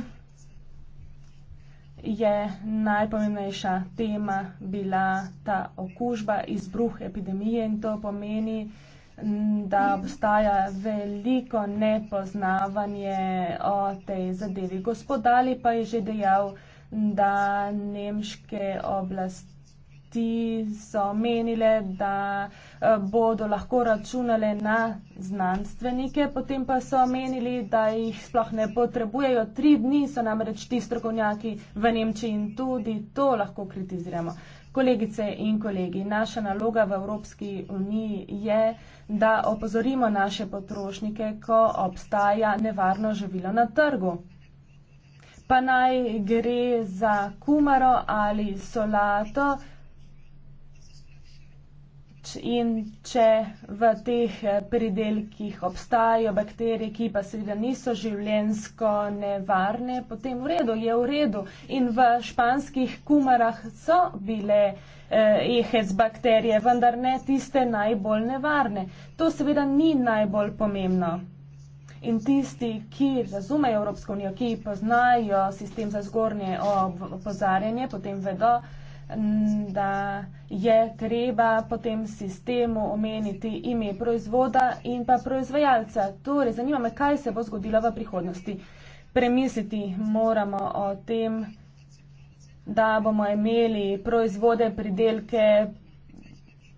je najpomembnejša tema bila ta okužba, izbruh epidemije in to pomeni, da obstaja veliko nepoznavanje o tej zadevi. Gospodali pa je že dejal, da nemške oblasti oblasti so menile, da eh, bodo lahko računale na znanstvenike, potem pa so menili, da jih sploh ne potrebujejo. Tri dni so namreč ti strokovnjaki v Nemčiji in tudi to lahko kritiziramo. Kolegice in kolegi, naša naloga v Evropski uniji je, da opozorimo naše potrošnike, ko obstaja nevarno živilo na trgu. Pa naj gre za kumaro ali solato. In če v teh eh, pridelkih obstajajo bakterije, ki pa seveda niso življensko nevarne, potem v redu, je v redu. In v španskih kumarah so bile eh, ehec bakterije, vendar ne tiste najbolj nevarne. To seveda ni najbolj pomembno. In tisti, ki razumejo Evropsko unijo, ki poznajo sistem za zgornje opozarjanje, potem vedo, da je treba potem sistemu omeniti ime proizvoda in pa proizvajalca. Torej, zanima me, kaj se bo zgodilo v prihodnosti. Premisliti moramo o tem, da bomo imeli proizvode, pridelke,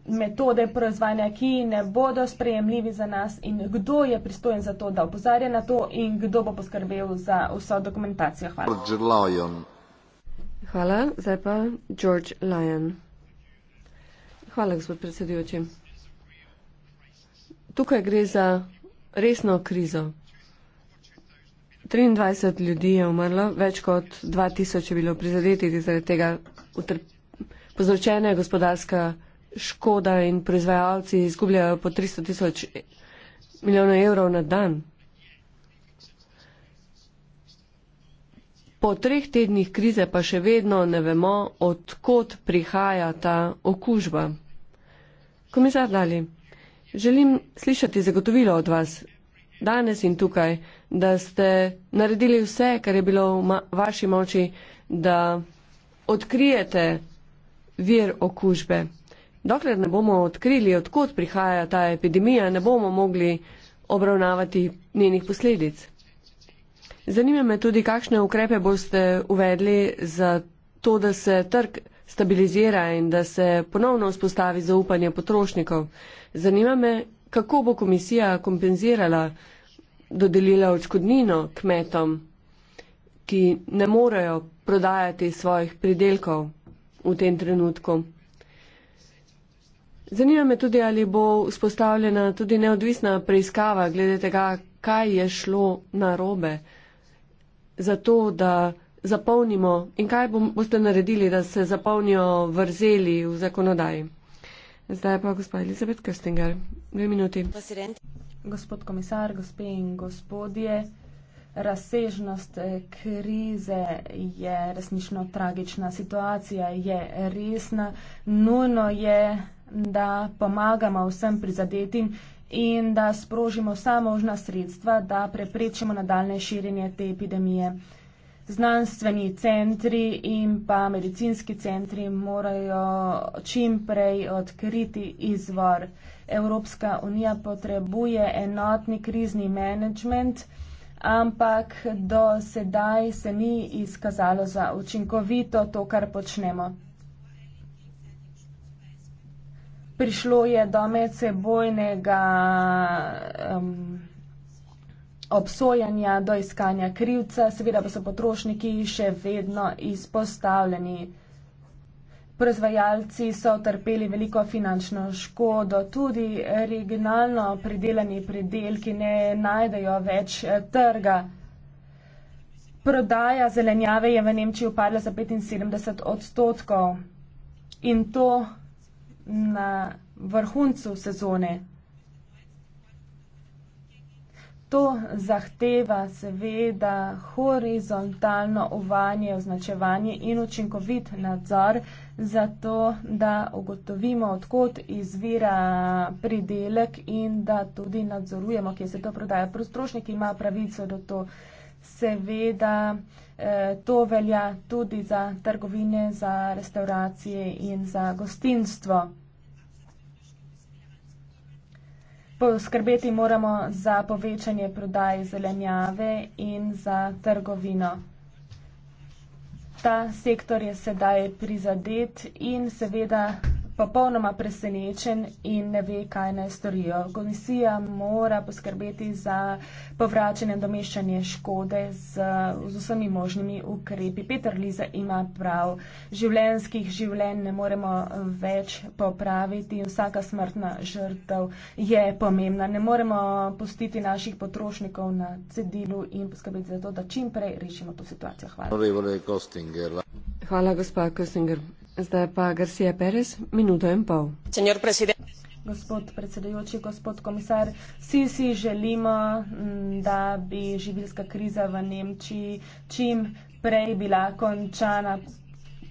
metode proizvanja, ki ne bodo sprejemljivi za nas in kdo je pristojen za to, da opozarja na to in kdo bo poskrbel za vso dokumentacijo. Hvala. Hvala. Zdaj pa George Lyon. Hvala, gospod predsedujoči. Tukaj gre za resno krizo. 23 ljudi je umrlo, več kot 2000 je bilo prizadetih zaradi tega. Pozročena je gospodarska škoda in proizvajalci izgubljajo po 300 tisoč milijonov evrov na dan. Po treh tednih krize pa še vedno ne vemo, odkot prihaja ta okužba. Komisar Dali, želim slišati zagotovilo od vas danes in tukaj, da ste naredili vse, kar je bilo v vaši moči, da odkrijete vir okužbe. Dokler ne bomo odkrili, odkot prihaja ta epidemija, ne bomo mogli obravnavati njenih posledic. Zanima me tudi, kakšne ukrepe boste uvedli za to, da se trg stabilizira in da se ponovno vzpostavi zaupanje potrošnikov. Zanima me, kako bo komisija kompenzirala, dodelila očkodnino kmetom, ki ne morejo prodajati svojih pridelkov v tem trenutku. Zanima me tudi, ali bo vzpostavljena tudi neodvisna preiskava glede tega, kaj je šlo na robe za to, da zapolnimo in kaj boste naredili, da se zapolnijo vrzeli v zakonodaji. Zdaj pa gospod Elizabet Krstinger, dve minuti. Gospod komisar, gospe in gospodje, razsežnost eh, krize je resnično tragična, situacija je resna, nujno je, da pomagamo vsem prizadetim in da sprožimo vsa možna sredstva, da preprečimo nadaljne širjenje te epidemije. Znanstveni centri in pa medicinski centri morajo čim prej odkriti izvor. Evropska unija potrebuje enotni krizni menedžment, ampak do sedaj se ni izkazalo za učinkovito to, kar počnemo prišlo je do medsebojnega um, obsojanja, do iskanja krivca, seveda pa so potrošniki še vedno izpostavljeni. Proizvajalci so utrpeli veliko finančno škodo, tudi originalno pridelani predelki ne najdejo več eh, trga. Prodaja zelenjave je v Nemčiji upadla za 75 odstotkov in to na vrhuncu sezone. To zahteva seveda horizontalno uvanje, označevanje in učinkovit nadzor, zato da ugotovimo, odkot izvira pridelek in da tudi nadzorujemo, kje se to prodaja. Prostrošnik ima pravico do to seveda. Eh, to velja tudi za trgovine, za restauracije in za gostinstvo. Poskrbeti moramo za povečanje prodaje zelenjave in za trgovino. Ta sektor je sedaj prizadet in seveda popolnoma presenečen in ne ve, kaj naj storijo. Komisija mora poskrbeti za povračanje in domeščanje škode z, z vsemi možnimi ukrepi. Peter Liza ima prav. Življenskih življenj ne moremo več popraviti in vsaka smrtna žrtev je pomembna. Ne moremo pustiti naših potrošnikov na cedilu in poskrbeti za to, da čim prej rešimo to situacijo. Hvala. Hvala, gospa Kostinger. Zdaj pa Garcia Perez, minuto in pol. Gospod predsedujoči, gospod komisar, vsi si želimo, mm, da bi življska kriza v Nemčiji čim prej bila končana.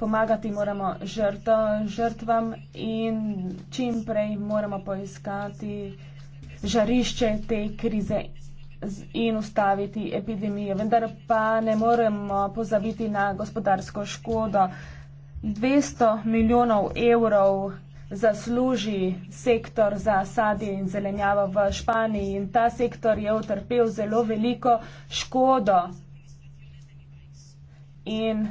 Pomagati moramo žrto, žrtvam in čim prej moramo poiskati žarišče te krize in ustaviti epidemijo. Vendar pa ne moremo pozabiti na gospodarsko škodo. 200 milijonov evrov zasluži sektor za sadje in zelenjavo v Španiji in ta sektor je utrpel zelo veliko škodo. In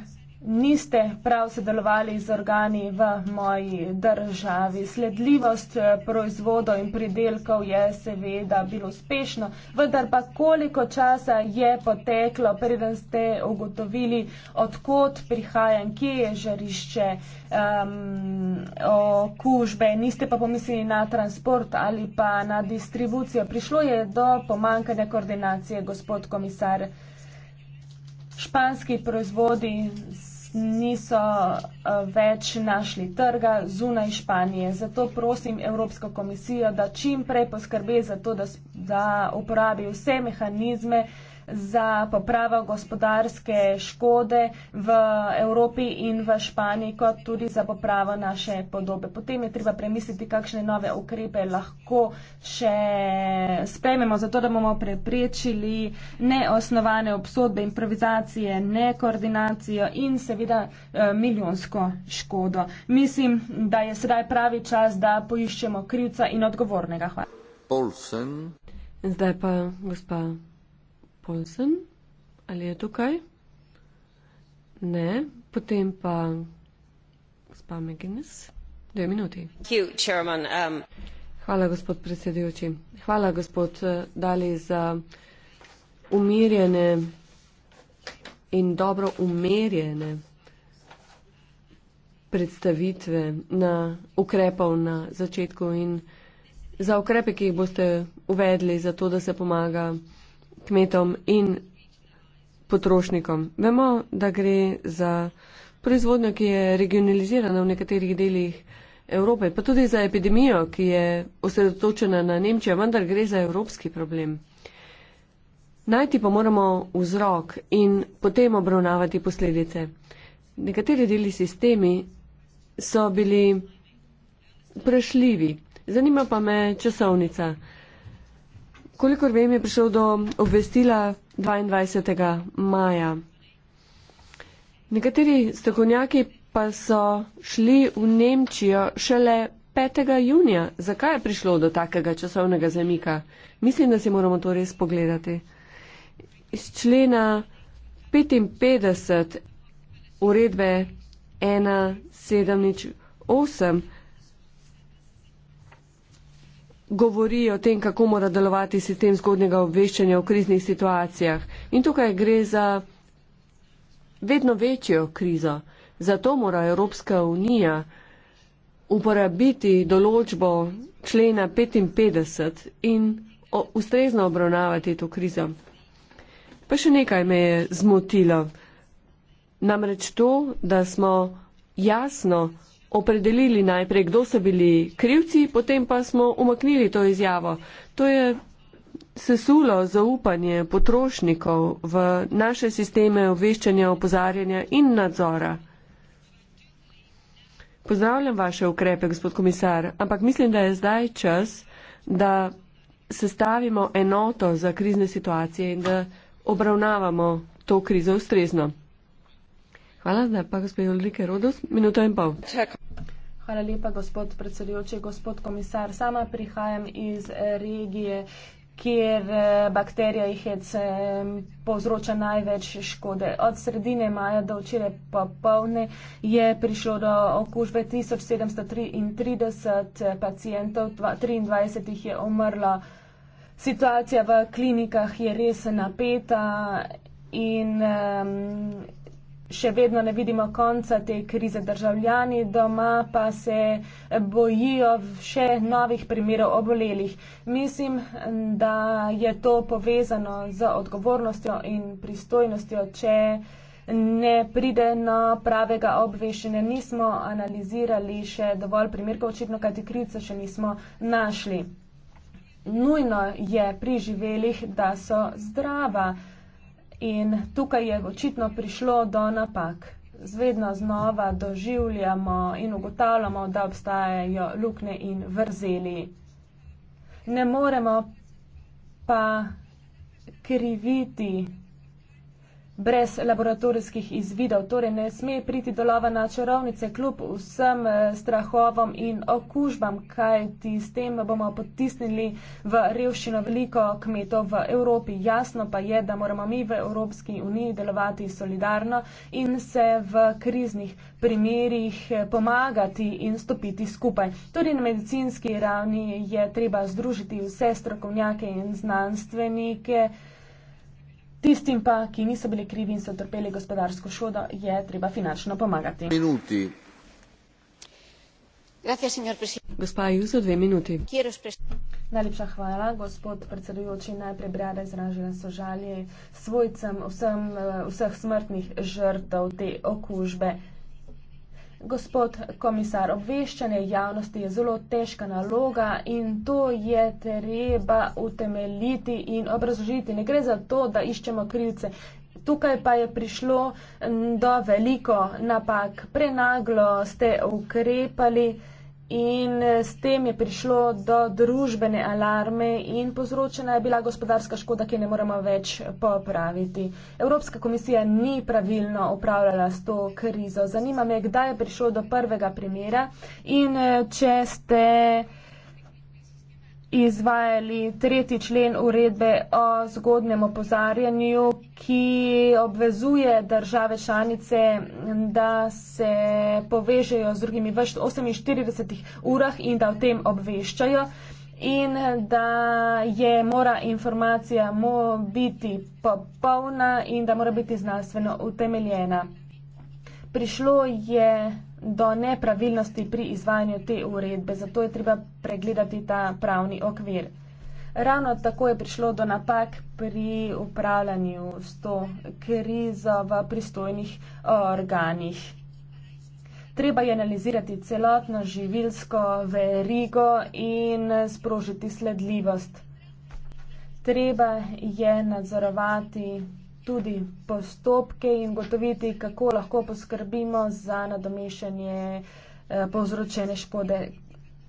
niste prav sodelovali z organi v moji državi. Sledljivost eh, proizvodov in pridelkov je seveda bilo uspešno, vendar pa koliko časa je poteklo, preden ste ugotovili, odkot prihajam, kje je žarišče um, okužbe, niste pa pomislili na transport ali pa na distribucijo. Prišlo je do pomankanja koordinacije, gospod komisar. Španski proizvodi niso eh, več našli trga zunaj Španije. Zato prosim Evropsko komisijo, da čim prej poskrbe za to, da, da uporabi vse mehanizme, za popravo gospodarske škode v Evropi in v Španiji, kot tudi za popravo naše podobe. Potem je treba premisliti, kakšne nove ukrepe lahko še sprememo, zato da bomo preprečili neosnovane obsodbe, improvizacije, nekoordinacijo in seveda eh, milijonsko škodo. Mislim, da je sedaj pravi čas, da poiščemo krivca in odgovornega. Hvala. Olsen. Zdaj pa, gospa Olsen, ali je tukaj? Ne, potem pa gospa McGuinness. Dve minuti. Um, Hvala, gospod predsedujoči. Hvala, gospod eh, Dali, za umirjene in dobro umirjene predstavitve na ukrepov na začetku in za ukrepe, ki jih boste uvedli za to, da se pomaga kmetom in potrošnikom. Vemo, da gre za proizvodnjo, ki je regionalizirana v nekaterih delih Evrope, pa tudi za epidemijo, ki je osredotočena na Nemčijo, vendar gre za evropski problem. Najti pa moramo vzrok in potem obravnavati posledice. Nekateri deli sistemi so bili prešljivi. Zanima pa me časovnica. Kolikor vem, je prišel do obvestila 22. maja. Nekateri strokovnjaki pa so šli v Nemčijo šele 5. junija. Zakaj je prišlo do takega časovnega zamika? Mislim, da si moramo to res pogledati. Iz člena 55 uredbe 178 govori o tem, kako mora delovati sistem zgodnega obveščanja v kriznih situacijah. In tukaj gre za vedno večjo krizo. Zato mora Evropska unija uporabiti določbo člena 55 in ustrezno obravnavati to krizo. Pa še nekaj me je zmotilo. Namreč to, da smo jasno opredelili najprej, kdo so bili krivci, potem pa smo umaknili to izjavo. To je sesulo zaupanje potrošnikov v naše sisteme obveščanja, opozarjanja in nadzora. Pozdravljam vaše ukrepe, gospod komisar, ampak mislim, da je zdaj čas, da sestavimo enoto za krizne situacije in da obravnavamo to krizo ustrezno. Hvala, zdaj pa gospod Ulrike Rodos, minuto in pol. Čakam. Hvala lepa, gospod predsedujoči, gospod komisar. Sama prihajam iz regije, kjer eh, bakterija IHEC povzroča največ škode. Od sredine maja do včeraj popolne je prišlo do okužbe 1733 pacijentov, 23 jih je umrlo. Situacija v klinikah je res napeta in um, še vedno ne vidimo konca te krize. Državljani doma pa se bojijo še novih primerov obolelih. Mislim, da je to povezano z odgovornostjo in pristojnostjo, če ne pride na pravega obveščenja. Nismo analizirali še dovolj primerkov, očitno, kaj te krivce še nismo našli. Nujno je pri živelih, da so zdrava. In tukaj je očitno prišlo do napak. Zvedno znova doživljamo in ugotavljamo, da obstajajo lukne in vrzeli. Ne moremo pa kriviti brez laboratorijskih izvidov. Torej ne sme priti do lova na čarovnice kljub vsem eh, strahovom in okužbam, kaj ti s tem bomo potisnili v revščino veliko kmetov v Evropi. Jasno pa je, da moramo mi v Evropski uniji delovati solidarno in se v kriznih primerjih eh, pomagati in stopiti skupaj. Tudi na medicinski ravni je treba združiti vse strokovnjake in znanstvenike. Tistim pa, ki niso bili krivi in so trpeli gospodarsko škodo, je treba finančno pomagati. Minuti. Gospa Juso, dve minuti. Najlepša hvala, gospod predsedujoči. Najprej brada izražena so žalje svojcem vsem, eh, vseh smrtnih žrtev te okužbe Gospod komisar, obveščanje javnosti je zelo težka naloga in to je treba utemeljiti in obrazložiti. Ne gre za to, da iščemo krivce. Tukaj pa je prišlo mm, do veliko napak. Prenaglo ste ukrepali. In eh, s tem je prišlo do družbene alarme in povzročena je bila gospodarska škoda, ki ne moremo več popraviti. Evropska komisija ni pravilno upravljala s to krizo. Zanima me, kdaj je prišlo do prvega primera in eh, če ste izvajali tretji člen uredbe o zgodnem opozarjanju, ki obvezuje države članice, da se povežejo z drugimi v 48 urah in da o tem obveščajo in da je mora informacija mo biti popolna in da mora biti znanstveno utemeljena. Prišlo je do nepravilnosti pri izvajanju te uredbe, zato je treba pregledati ta pravni okvir. Ravno tako je prišlo do napak pri upravljanju s to krizo v pristojnih organih. Treba je analizirati celotno živilsko verigo in sprožiti sledljivost. Treba je nadzorovati tudi postopke in gotoviti, kako lahko poskrbimo za nadomešanje eh, povzročene špode.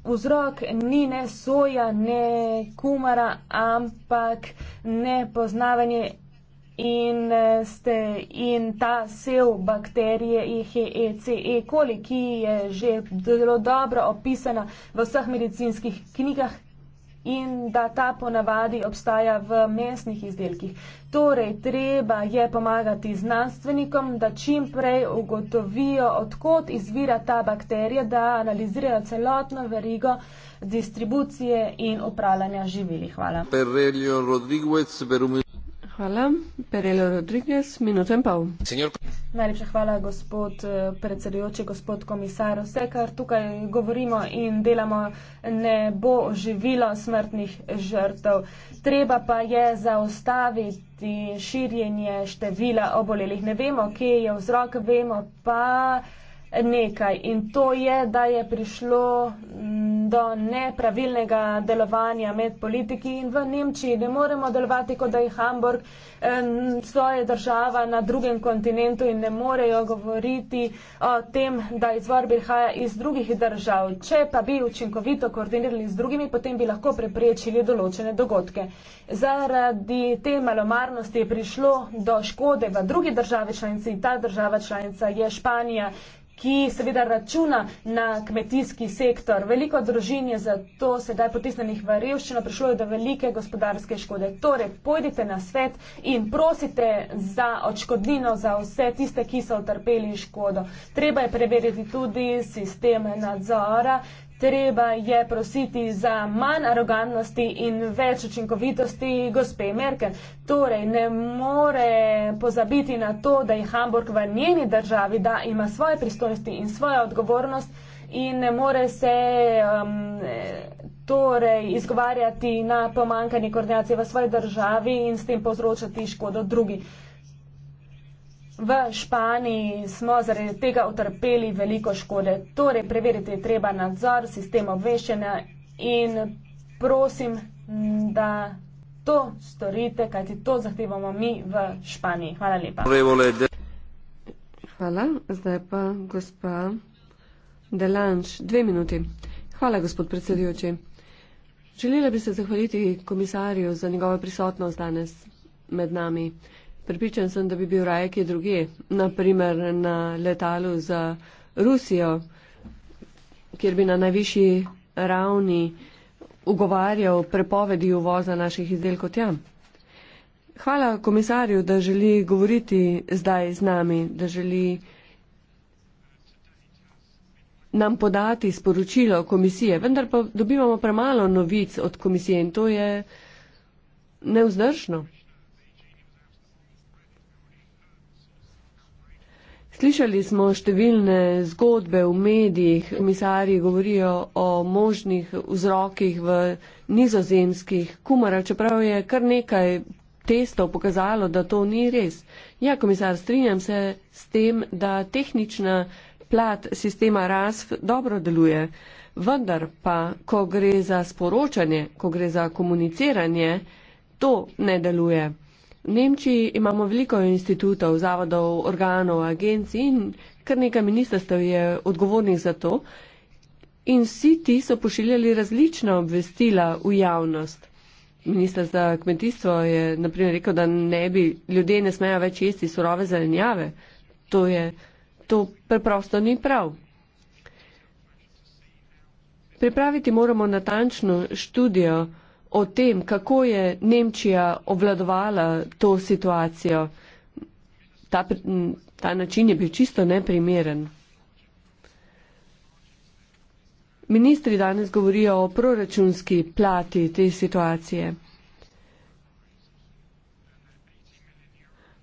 Vzrok ni ne soja, ne kumara, ampak nepoznavanje in eh, ste in ta sev bakterije IHECE, koliki e e je že zelo dobro opisana v vseh medicinskih knjigah, in da ta ponavadi obstaja v mesnih izdelkih. Torej, treba je pomagati znanstvenikom, da čim prej ugotovijo, odkot izvira ta bakterija, da analizirajo celotno verigo distribucije in upravljanja živili. Hvala. Hvala. Perelio Rodriguez, minuto in pol. Najlepša hvala, gospod eh, predsedujoči, gospod komisar. Vse, kar tukaj govorimo in delamo, ne bo oživilo smrtnih žrtev. Treba pa je zaustaviti širjenje števila obolelih. Ne vemo, kje je vzrok, vemo pa nekaj. In to je, da je prišlo. Mm, do nepravilnega delovanja med politiki in v Nemčiji. Ne moremo delovati, kot da je Hamburg svoje država na drugem kontinentu in ne morejo govoriti o tem, da izvor prihaja iz drugih držav. Če pa bi učinkovito koordinirali z drugimi, potem bi lahko preprečili določene dogodke. Zaradi te malomarnosti je prišlo do škode v drugi državi članici in ta država članica je Španija ki seveda računa na kmetijski sektor. Veliko družin je zato sedaj potisnenih v revščino, prišlo je do velike gospodarske škode. Torej, pojdite na svet in prosite za odškodnino za vse tiste, ki so utrpeli škodo. Treba je preveriti tudi sistem nadzora, Treba je prositi za manj arogantnosti in več učinkovitosti gospe Merkel. Torej, ne more pozabiti na to, da je Hamburg v njeni državi, da ima svoje pristojnosti in svojo odgovornost in ne more se um, torej izgovarjati na pomankanje koordinacije v svoji državi in s tem povzročati škodo drugi. Uh, V Španiji smo zaradi tega utrpeli veliko škode. Torej, preveriti je treba nadzor, sistem obveščanja in prosim, da to storite, kajti to zahtevamo mi v Španiji. Hvala lepa. Hvala. Zdaj pa gospa Delanš. Dve minuti. Hvala, gospod predsedujoči. Želela bi se zahvaliti komisarju za njegovo prisotnost danes med nami. Pripričan sem, da bi bil raje kje druge, naprimer na letalu za Rusijo, kjer bi na najvišji ravni ugovarjal prepovedi uvoza naših izdelkov tja. Hvala komisarju, da želi govoriti zdaj z nami, da želi nam podati sporočilo komisije, vendar pa dobivamo premalo novic od komisije in to je neuzdržno. Slišali smo številne zgodbe v medijih, komisarji govorijo o možnih vzrokih v nizozemskih kumara, čeprav je kar nekaj testov pokazalo, da to ni res. Ja, komisar, strinjam se s tem, da tehnična plat sistema RASF dobro deluje, vendar pa, ko gre za sporočanje, ko gre za komuniciranje, to ne deluje. V Nemčiji imamo veliko institutov, zavodov, organov, agencij in kar nekaj ministrstev je odgovornih za to. In vsi ti so pošiljali različna obvestila v javnost. Ministr za kmetijstvo je naprimer rekel, da ne bi ljudje ne smejo več jesti surove zelenjave. To, je, to preprosto ni prav. Pripraviti moramo natančno študijo o tem, kako je Nemčija obvladovala to situacijo. Ta, ta način je bil čisto neprimeren. Ministri danes govorijo o proračunski plati te situacije.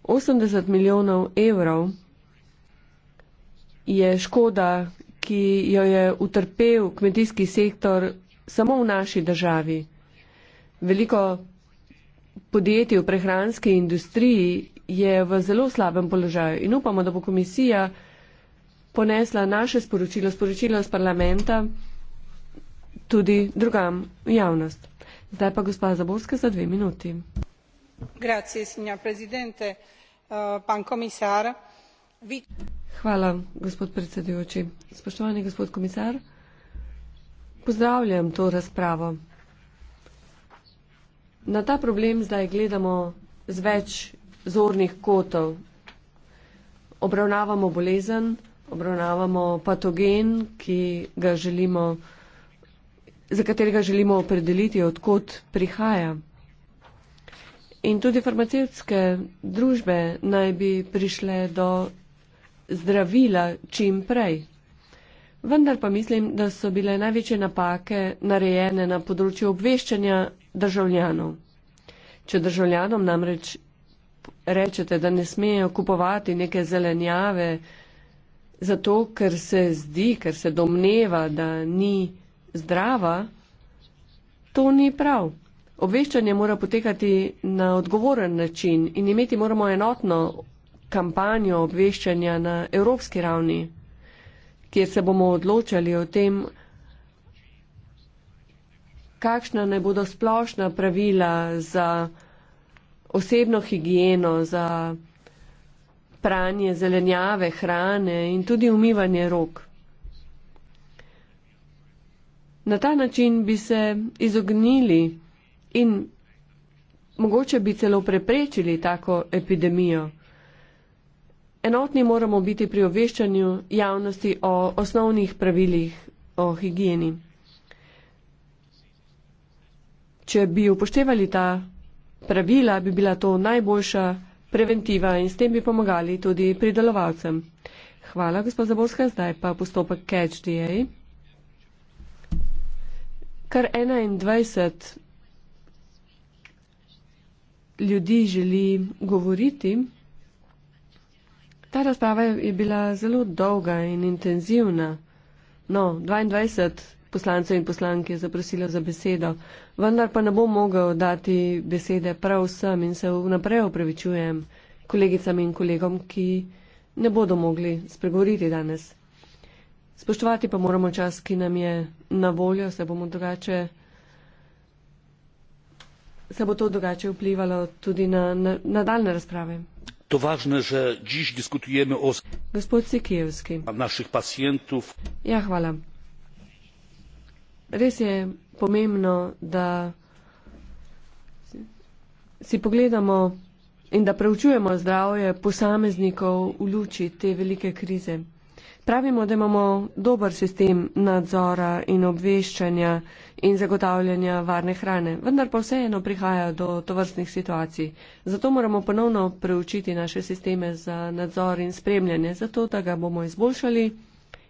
80 milijonov evrov je škoda, ki jo je utrpel kmetijski sektor samo v naši državi. Veliko podjetij v prehranski industriji je v zelo slabem položaju in upamo, da bo komisija ponesla naše sporočilo, sporočilo iz parlamenta tudi drugam v javnost. Zdaj pa gospa Zaborska za dve minuti. Grazie, signor presidente, eh, pan komisar. Vi... Hvala, gospod predsedujoči. Spoštovani gospod komisar, pozdravljam to razpravo na ta problem zdaj gledamo z več zornih kotov. Obravnavamo bolezen, obravnavamo patogen, ki ga želimo, za katerega želimo opredeliti, odkot prihaja. In tudi farmacevtske družbe naj bi prišle do zdravila čim prej. Vendar pa mislim, da so bile največje napake narejene na področju obveščanja državljanov. Če državljanom namreč rečete, da ne smejo kupovati neke zelenjave, zato ker se zdi, ker se domneva, da ni zdrava, to ni prav. Obveščanje mora potekati na odgovoren način in imeti moramo enotno kampanjo obveščanja na evropski ravni, kjer se bomo odločali o tem, kakšna ne bodo splošna pravila za osebno higieno, za pranje zelenjave, hrane in tudi umivanje rok. Na ta način bi se izognili in mogoče bi celo preprečili tako epidemijo. Enotni moramo biti pri obveščanju javnosti o osnovnih pravilih o higieni. Če bi upoštevali ta pravila, bi bila to najboljša preventiva in s tem bi pomagali tudi pridelovalcem. Hvala, gospod Zaborska. Zdaj pa postopek CatchDA. Kar 21 ljudi želi govoriti. Ta razprava je bila zelo dolga in intenzivna. No, 22 poslancev in poslanke zaprosila za besedo, vendar pa ne bom mogel dati besede prav vsem in se vnaprej opravičujem kolegicam in kolegom, ki ne bodo mogli spregovoriti danes. Spoštovati pa moramo čas, ki nam je na voljo, se bomo drugače. Se bo to drugače vplivalo tudi na nadaljne na razprave. To važno, že diš diskutujemo o gospod Sikijevski. Naših pacijentov. Ja, hvala res je pomembno, da si pogledamo in da preučujemo zdravje posameznikov v luči te velike krize. Pravimo, da imamo dober sistem nadzora in obveščanja in zagotavljanja varne hrane, vendar pa vseeno prihaja do tovrstnih situacij. Zato moramo ponovno preučiti naše sisteme za nadzor in spremljanje, zato da ga bomo izboljšali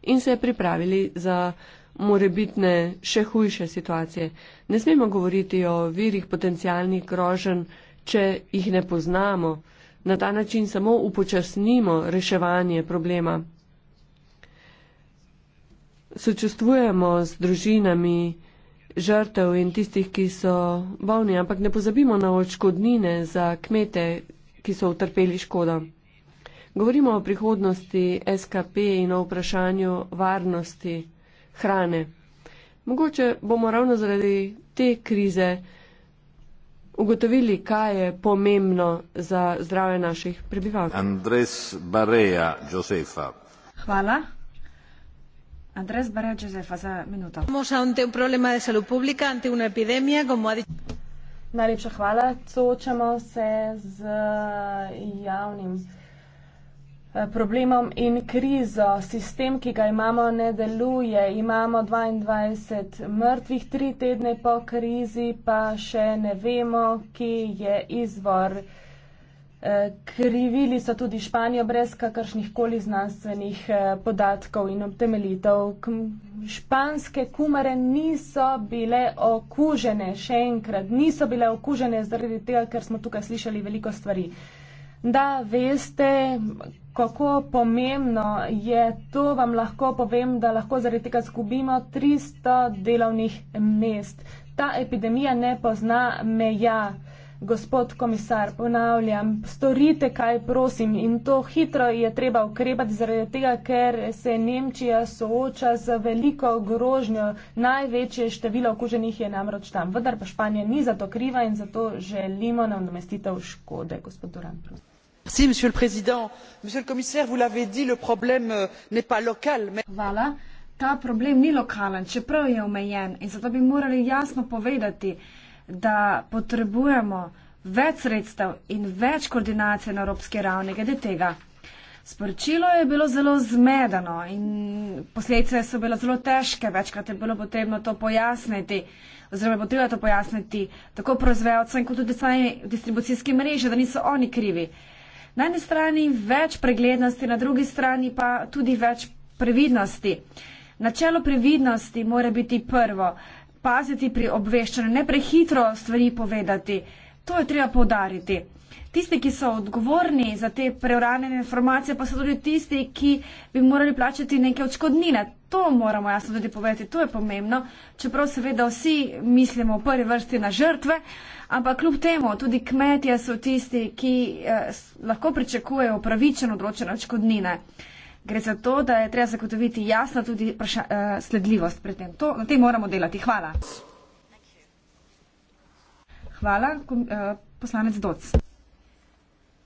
in se pripravili za morebitne še hujše situacije. Ne smemo govoriti o virih potencijalnih grožen, če jih ne poznamo. Na ta način samo upočasnimo reševanje problema. Sočustvujemo z družinami žrtev in tistih, ki so bolni, ampak ne pozabimo na očkodnine za kmete, ki so utrpeli škodo. Govorimo o prihodnosti SKP in o vprašanju varnosti hrane. Mogoče bomo ravno zaradi te krize ugotovili, kaj je pomembno za zdravje naših prebivalcev. Andres Barea, Josefa. Hvala. Andrés Barea, Josefa, za minuto. Vamos ante un problema de salud pública, ante una epidemia, como ha dicho. Najlepša hvala. Soočamo se z eh, javnim. Eh, problemom in krizo. Sistem, ki ga imamo, ne deluje. Imamo 22 mrtvih, tri tedne po krizi, pa še ne vemo, ki je izvor. Eh, krivili so tudi Španijo brez kakršnih koli znanstvenih eh, podatkov in obtemelitev. Španske kumare niso bile okužene, še enkrat, niso bile okužene zaradi tega, ker smo tukaj slišali veliko stvari. Da, veste, kako pomembno je to, vam lahko povem, da lahko zaradi tega zgubimo 300 delovnih mest. Ta epidemija ne pozna meja. Gospod komisar, ponavljam, storite, kaj prosim, in to hitro je treba ukrepati, zaradi tega, ker se Nemčija sooča z veliko grožnjo. Največje število okuženih je namreč tam. Vendar pa Španija ni za to kriva in zato želimo na odmestitev škode, gospod Duran. Prosim monsieur le président monsieur le commissaire vous l'avez dit le problème euh, n'est pas local mais. ta problem ni lokalen čeprav je omejen in zato bi morali jasno povedati da potrebujemo več sredstev in več koordinacije na evropski ravni glede tega. Sporočilo je bilo zelo zmedeno in posledice so bile zelo težke, večkrat je bilo potrebno to pojasniti, oziroma je potrebno to pojasniti tako proizvajalcem kot tudi sami distribucijski mreži, da niso oni krivi. Na eni strani več preglednosti, na drugi strani pa tudi več previdnosti. Načelo previdnosti mora biti prvo, paziti pri obveščanju, ne prehitro stvari povedati. To je treba povdariti. Tisti, ki so odgovorni za te preuranjene informacije, pa so tudi tisti, ki bi morali plačati neke očkodnine. To moramo jasno tudi povedati, to je pomembno, čeprav seveda vsi mislimo v prvi vrsti na žrtve. Uh, Ampak kljub temu, tudi kmetje so tisti, ki eh, lahko pričakujejo pravičeno odločeno očkodnine. Gre za to, da je treba zagotoviti jasno tudi praša, eh, sledljivost pred tem. To, na tem moramo delati. Hvala. Hvala, kom, eh, poslanec Doc.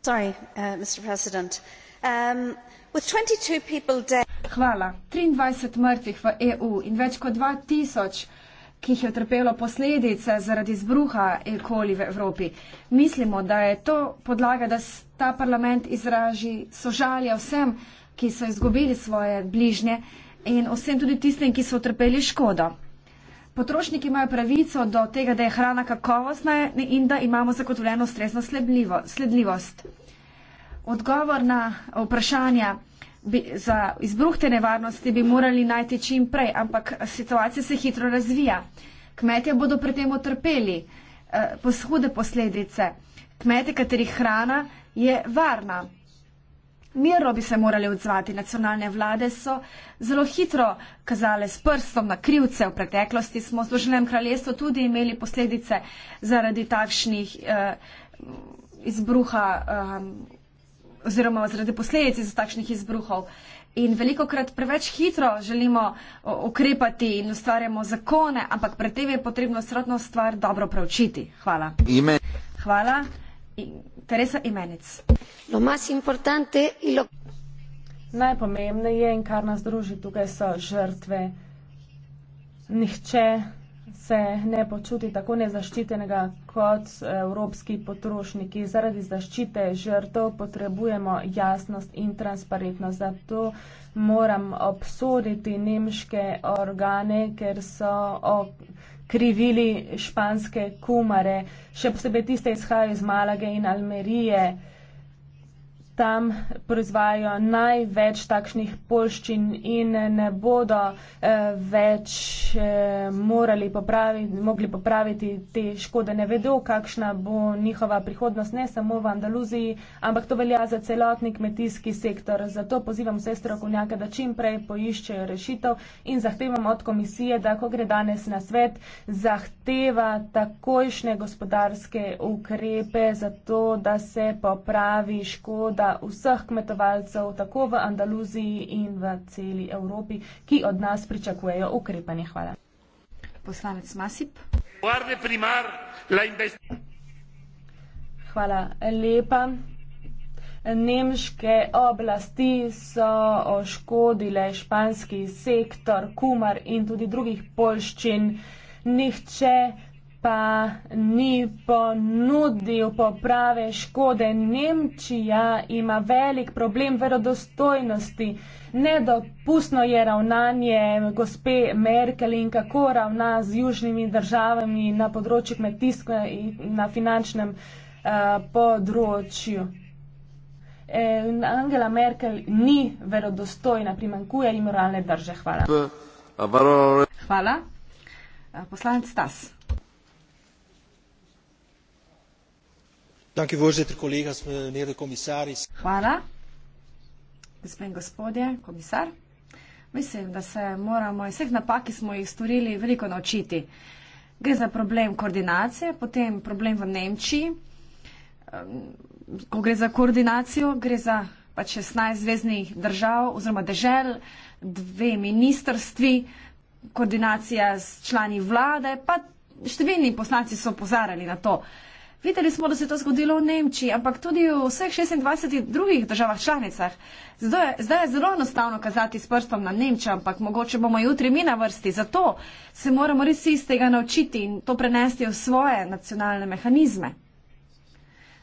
Sorry, uh, um, Hvala. 23 mrtvih v EU in več kot 2000 ki jih je trpelo posledice zaradi zbruha ekoli v Evropi. Mislimo, da je to podlaga, da ta parlament izraži sožalje vsem, ki so izgubili svoje bližnje in vsem tudi tistim, ki so trpeli škodo. Potrošniki imajo pravico do tega, da je hrana kakovostna in da imamo zagotovljeno stresno sledljivost. Odgovor na vprašanja bi, za izbruh te nevarnosti bi morali najti čim prej, ampak situacija se hitro razvija. Kmetje bodo pri tem utrpeli eh, poshude posledice. Kmete, katerih hrana je varna. Mirno bi se morali odzvati. Nacionalne vlade so zelo hitro kazale s prstom na krivce. V preteklosti smo v Združenem kraljestvu tudi imeli posledice zaradi takšnih eh, izbruha eh, oziroma zaradi posledic iz takšnih izbruhov. In veliko krat preveč hitro želimo ukrepati in ustvarjamo zakone, ampak pred tem je potrebno srotno stvar dobro preučiti. Hvala. Ime. Hvala. In, Teresa Imenic. Lo... Najpomembneje in kar nas druži tukaj so žrtve. Nihče se ne počuti tako nezaščitenega kot evropski potrošniki. Zaradi zaščite žrtov potrebujemo jasnost in transparentnost. Zato moram obsoditi nemške organe, ker so krivili španske kumare, še posebej tiste izhajajo iz Malage in Almerije tam proizvajajo največ takšnih polščin in ne bodo eh, več eh, morali popraviti, mogli popraviti te škode. Ne vedo, kakšna bo njihova prihodnost, ne samo v Andaluziji, ampak to velja za celotni kmetijski sektor. Zato pozivam vse strokovnjake, da čim prej poiščejo rešitev in zahtevam od komisije, da ko gre danes na svet, zahteva takojšnje gospodarske ukrepe za to, da se popravi škoda vloga vseh kmetovalcev, tako v Andaluziji in v celi Evropi, ki od nas pričakujejo ukrepanje. Hvala. Poslanec Masip. Hvala lepa. Nemške oblasti so oškodile španski sektor, kumar in tudi drugih polščin. Nihče pa ni ponudil poprave škode. Nemčija ima velik problem verodostojnosti. Nedopustno je ravnanje gospe Merkel in kako ravna z južnimi državami na področju kmetijstva in na finančnem uh, področju. Angela Merkel ni verodostojna, primankuje jim moralne drže. Hvala. Hvala. Poslanec Stas. Dank u voorzitter, collega's, eh, meneer de commissaris. Hvala, gospod in gospodje, komisar. Mislim, da se moramo iz vseh napak, ki smo jih storili, veliko naučiti. Gre za problem koordinacije, potem problem v Nemčiji, ko gre za koordinacijo, gre za pač 16 zvezdnih držav oziroma dežel, dve ministrstvi, koordinacija s člani vlade, pa številni poslanci so opozarjali na to. Videli smo, da se je to zgodilo v Nemčiji, ampak tudi v vseh 26 drugih državah članicah. Zdaj, zdaj je zelo enostavno kazati s prstom na Nemčijo, ampak mogoče bomo jutri mi na vrsti. Zato se moramo res iz tega naučiti in to prenesti v svoje nacionalne mehanizme.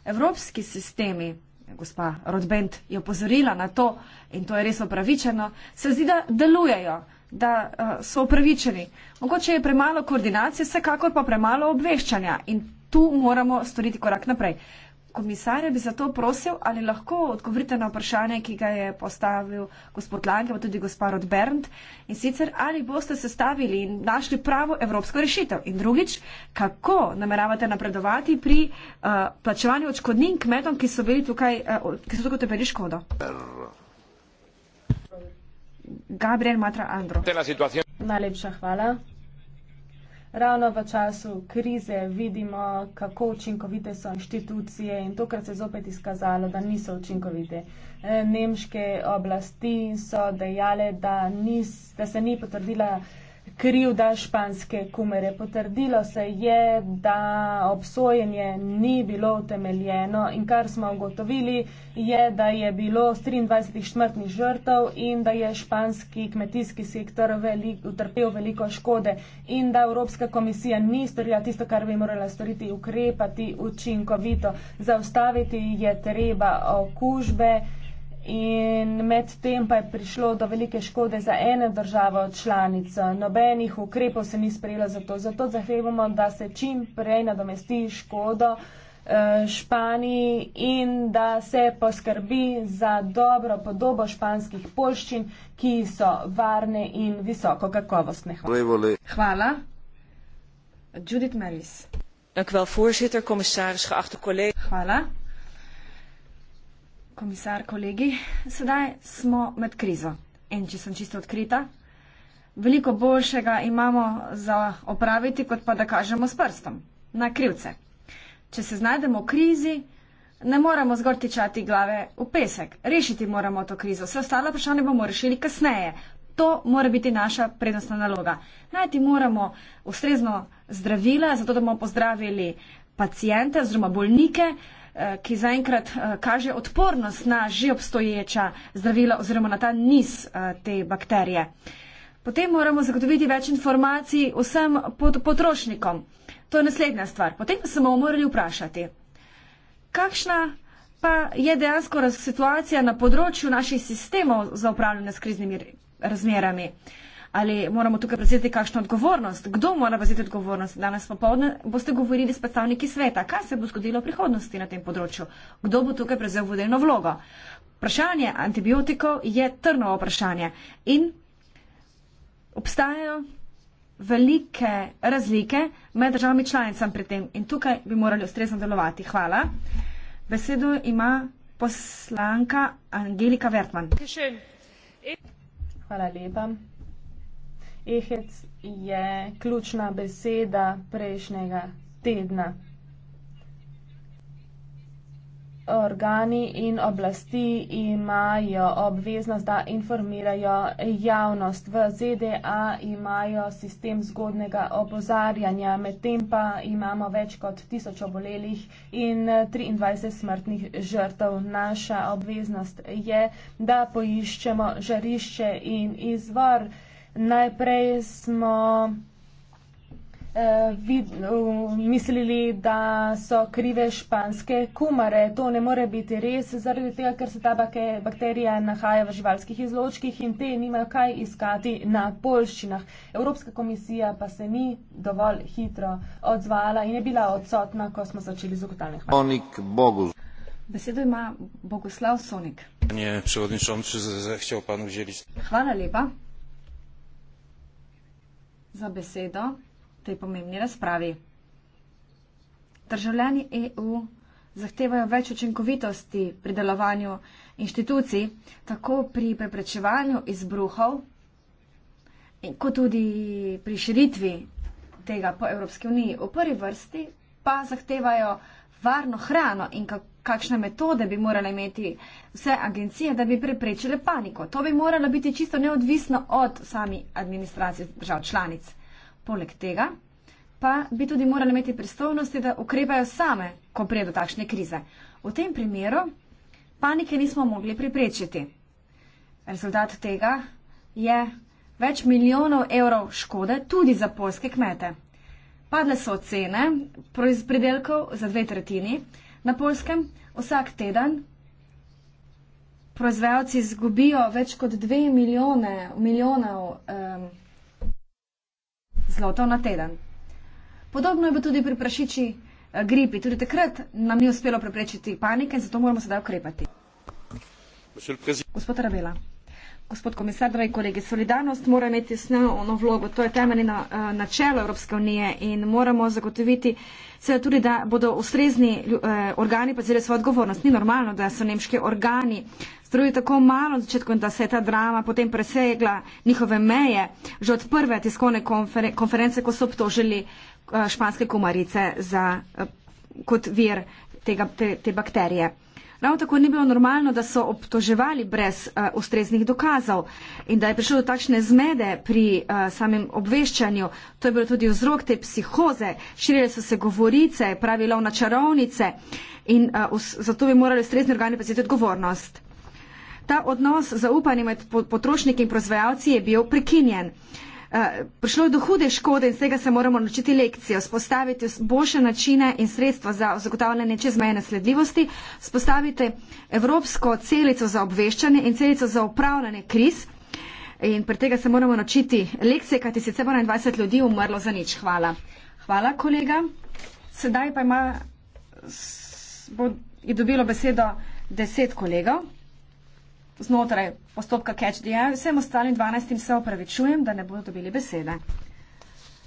Evropski sistemi, gospa Rodbent je opozorila na to in to je res opravičeno, se zdi, da delujejo, da uh, so opravičeni. Mogoče je premalo koordinacije, vsekakor pa premalo obveščanja tu moramo storiti korak naprej. Komisarja bi zato prosil, ali lahko odgovorite na vprašanje, ki ga je postavil gospod Lange, pa tudi gospod Bernd, in sicer ali boste sestavili in našli pravo evropsko rešitev. In drugič, kako nameravate napredovati pri uh, plačevanju očkodnin kmetom, ki so bili tukaj, uh, ki so tukaj utepeli škodo? Gabriel Matra Andro. Najlepša hvala. Ravno v času krize vidimo, kako učinkovite so inštitucije in tokrat se je zopet izkazalo, da niso učinkovite. Eh, nemške oblasti so dejale, da, nis, da se ni potrdila krivda španske kumere. Potrdilo se je, da obsojenje ni bilo utemeljeno in kar smo ugotovili je, da je bilo 23 smrtnih žrtev in da je španski kmetijski sektor velik, utrpel veliko škode in da Evropska komisija ni storila tisto, kar bi morala storiti, ukrepati učinkovito. Zaustaviti je treba okužbe. In medtem pa je prišlo do velike škode za eno državo članico. Nobenih ukrepov se ni sprejelo za to. Zato zahtevamo, da se čim prej nadomesti škodo eh, Španiji in da se poskrbi za dobro podobo španskih polščin, ki so varne in visoko kakovostne. Hvala. Hvala. Judith Melis. Dank u wel, voorzitter, commissaris, geachte collega's. Voilà komisar, kolegi. Sedaj smo med krizo. In če sem čisto odkrita, veliko boljšega imamo za opraviti, kot pa da kažemo s prstom na krivce. Če se znajdemo v krizi, ne moremo zgor tičati glave v pesek. Rešiti moramo to krizo. Vse ostale vprašanje bomo rešili kasneje. To mora biti naša prednostna naloga. Najti moramo ustrezno zdravila, zato da bomo pozdravili pacijente oziroma bolnike, eh, ki zaenkrat eh, kaže odpornost na že obstoječa zdravila oziroma na ta niz eh, te bakterije. Potem moramo zagotoviti več informacij vsem potrošnikom. To je naslednja stvar. Potem pa se bomo morali vprašati, kakšna pa je dejansko situacija na področju naših sistemov za upravljanje s kriznimi razmerami ali moramo tukaj prevzeti kakšno odgovornost? Kdo mora prevzeti odgovornost? Danes popovdne boste govorili s predstavniki sveta. Kaj se bo zgodilo v prihodnosti na tem področju? Kdo bo tukaj prevzel vodeljno vlogo? Vprašanje antibiotikov je trnovo vprašanje in obstajajo velike razlike med državami članicami pri tem in tukaj bi morali ustrezno delovati. Hvala. Besedo ima poslanka Angelika Vertman. Hvala lepa. Ehec je ključna beseda prejšnjega tedna. Organi in oblasti imajo obveznost, da informirajo javnost. V ZDA imajo sistem zgodnega opozarjanja, medtem pa imamo več kot tisoč obolelih in 23 smrtnih žrtev. Naša obveznost je, da poiščemo žarišče in izvor. Najprej smo eh, vid, uh, mislili, da so krive španske kumare. To ne more biti res, zaradi tega, ker se ta bakterija nahaja v živalskih izločkih in te nimajo kaj iskati na polščinah. Evropska komisija pa se ni dovolj hitro odzvala in je bila odsotna, ko smo začeli z ugotavljanjem. Besedo ima Bogoslav Sonik. Hvala lepa za besedo tej pomembni razpravi. Državljani EU zahtevajo več učinkovitosti pri delovanju inštitucij, tako pri preprečevanju izbruhov, kot tudi pri širitvi tega po Evropski uniji. V prvi vrsti pa zahtevajo varno hrano in kako kakšne metode bi morale imeti vse agencije, da bi preprečile paniko. To bi moralo biti čisto neodvisno od sami administracije držav članic. Poleg tega pa bi tudi morali imeti pristojnosti, da ukrepajo same, ko prije do takšne krize. V tem primeru panike nismo mogli preprečiti. Rezultat tega je več milijonov evrov škode tudi za polske kmete. Padle so cene pridelkov za dve tretjini na polskem vsak teden. Proizvajalci izgubijo več kot 2 milijone milijonov, um, zlotov na teden. Podobno je bilo tudi pri prašiči uh, gripi. Tudi takrat nam ni uspelo preprečiti panike, zato moramo sedaj ukrepati. Gospod Ravela. Gospod komisar, dragi kolegi, solidarnost mora imeti osnovno vlogo. To je temeljno na, eh, načelo Evropske unije in moramo zagotoviti se tudi, da bodo ustrezni eh, organi prevzeli svojo odgovornost. Ni normalno, da so nemški organi storili tako malo na začetku in da se je ta drama potem presegla njihove meje že od prve tiskovne konferen konference, ko so obtožili eh, španske kumarice za, eh, kot vir tega, te, te bakterije. Ravno tako ni bilo normalno, da so obtoževali brez uh, ustreznih dokazov in da je prišlo do takšne zmede pri uh, samem obveščanju. To je bilo tudi vzrok te psihoze. Širile so se govorice, pravi lov na čarovnice in uh, zato bi morali ustrezni organi prevzeti odgovornost. Ta odnos zaupanja med potrošniki in proizvajalci je bil prekinjen. Uh, prišlo je do hude škode in z tega se moramo naučiti lekcijo, spostaviti boljše načine in sredstva za zagotavljanje čezmejne sledljivosti, spostaviti evropsko celico za obveščanje in celico za upravljanje kriz. In pri tega se moramo naučiti lekcije, kajti sicer bo 21 ljudi umrlo za nič. Hvala. Hvala, kolega. Sedaj pa ima, bo, je dobilo besedo 10 kolegov znotraj postopka catch the eye. Vsem ostalim 12 se opravičujem, da ne bodo dobili besede.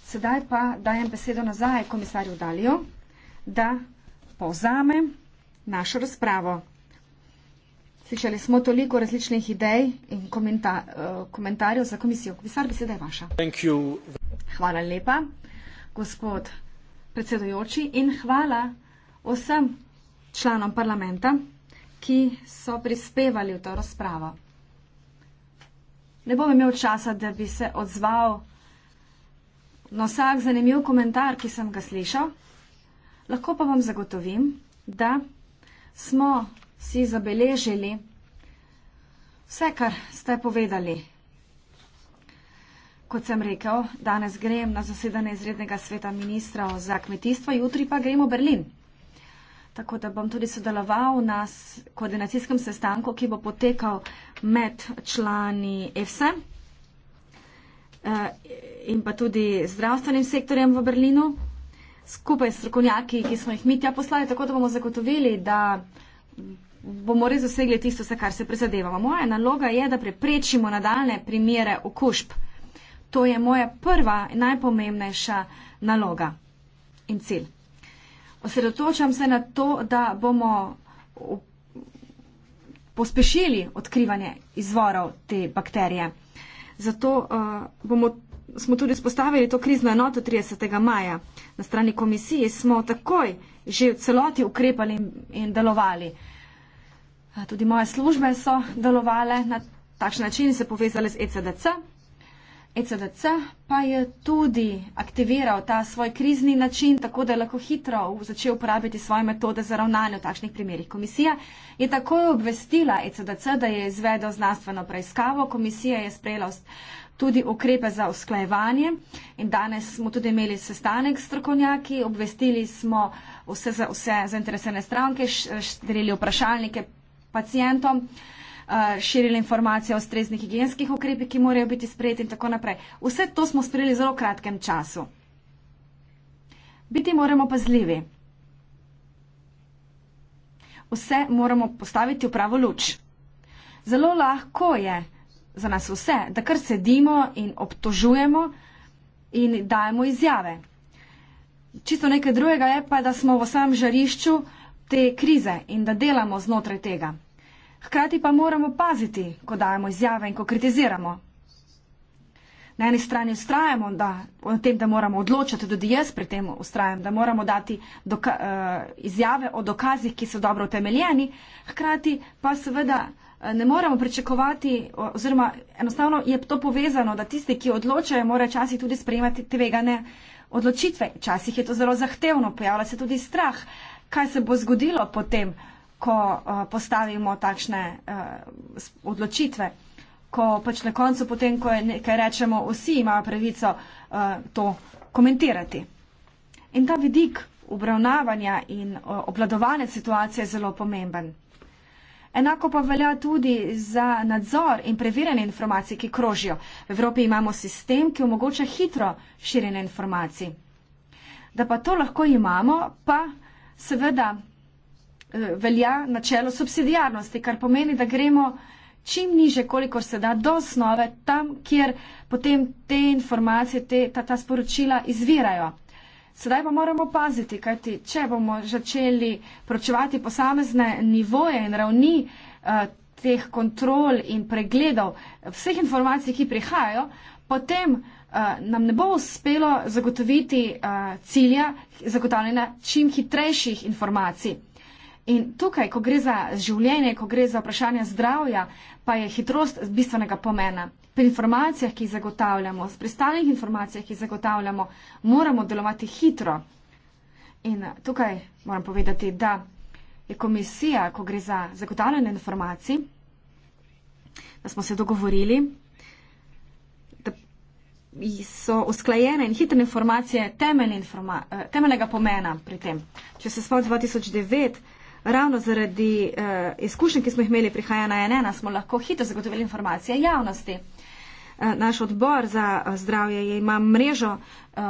Sedaj pa dajem besedo nazaj komisarju Dalijo, da povzame našo razpravo. Slišali smo toliko različnih idej in komenta eh, komentarjev za komisijo. Komisar, beseda je vaša. Hvala lepa, gospod predsedojoči in hvala vsem članom parlamenta, ki so prispevali v to razpravo. Ne bom imel časa, da bi se odzval na vsak zanimiv komentar, ki sem ga slišal. Lahko pa vam zagotovim, da smo si zabeležili vse, kar ste povedali. Kot sem rekel, danes grem na zasedanje izrednega sveta ministrov za kmetijstvo, jutri pa grem v Berlin. Tako da bom tudi sodeloval na koordinacijskem sestanku, ki bo potekal med člani EFSE eh, in pa tudi zdravstvenim sektorjem v Berlinu, skupaj s strokovnjaki, ki smo jih mi tja poslali, tako da bomo zagotovili, da bomo res dosegli tisto, za kar se prizadevamo. Moja naloga je, da preprečimo nadaljne primere okužb. To je moja prva in najpomembnejša naloga in cilj osredotočam se na to, da bomo pospešili odkrivanje izvorov te bakterije. Zato uh, bomo, smo tudi spostavili to krizno enoto 30. maja. Na strani komisije smo takoj že v celoti ukrepali in, in delovali. Eh, tudi moje službe so delovale na takšen način, se povezale z ECDC. ECDC pa je tudi aktiviral ta svoj krizni način, tako da je lahko hitro začel uporabljati svoje metode za ravnanje v takšnih primerih. Komisija je takoj obvestila ECDC, da je izvedel znanstveno preiskavo. Komisija je sprejela tudi ukrepe za usklajevanje in danes smo tudi imeli sestanek s strokovnjaki, obvestili smo vse, vse zainteresirane stranke, štrili vprašalnike pacijentom. Uh, Eh, širili informacije o stresnih higijenskih ukrepih, ki morajo biti sprejeti in tako naprej. Vse to smo sprejeli v zelo kratkem času. Biti moramo pazljivi. Vse moramo postaviti v pravo luč. Zelo lahko je za nas vse, da kar sedimo in obtožujemo in dajemo izjave. Čisto nekaj drugega je pa, da smo v samem žarišču te krize in da delamo znotraj tega. Hkrati pa moramo paziti, ko dajemo izjave in ko kritiziramo. Na eni strani ustrajamo da, o tem, da moramo odločati, tudi jaz pri tem ustrajam, da moramo dati doka, uh, izjave o dokazih, ki so dobro utemeljeni, hkrati pa seveda eh, ne moremo pričakovati, oziroma enostavno je to povezano, da tisti, ki odločajo, morajo časih tudi sprejemati tvegane odločitve. Časih je to zelo zahtevno, pojavlja se tudi strah, kaj se bo zgodilo potem. Uh, ko eh, postavimo takšne eh, odločitve, ko pač na koncu potem, ko je nekaj rečemo, vsi imajo pravico eh, to komentirati. In ta vidik obravnavanja in obladovanja situacije je zelo pomemben. Enako pa velja tudi za nadzor in preverjanje informacij, ki krožijo. V Evropi imamo sistem, ki omogoča hitro širjenje informacij. Da pa to lahko imamo, pa seveda velja načelo subsidijarnosti, kar pomeni, da gremo čim niže, kolikor se da, do osnove, tam, kjer potem te informacije, te, ta, ta sporočila izvirajo. Sedaj pa moramo paziti, kajti če bomo začeli pročevati posamezne nivoje in ravni eh, teh kontrol in pregledov vseh informacij, ki prihajajo, potem eh, nam ne bo uspelo zagotoviti eh, cilja zagotavljanja čim hitrejših informacij. In tukaj, ko gre za življenje, ko gre za vprašanje zdravja, pa je hitrost bistvenega pomena. Pri informacijah, ki jih zagotavljamo, pri stalnih informacijah, ki jih zagotavljamo, moramo delovati hitro. In tukaj moram povedati, da je komisija, ko gre za zagotavljanje informacij, da smo se dogovorili, da so usklajene in hitre informacije eh, temeljnega pomena pri tem. Če se spomnite 2009 ravno zaradi uh, izkušenj, ki smo jih imeli prihaja na NN, smo lahko hitro zagotovili informacije javnosti. Uh, naš odbor za eh, zdravje ima mrežo. Uh,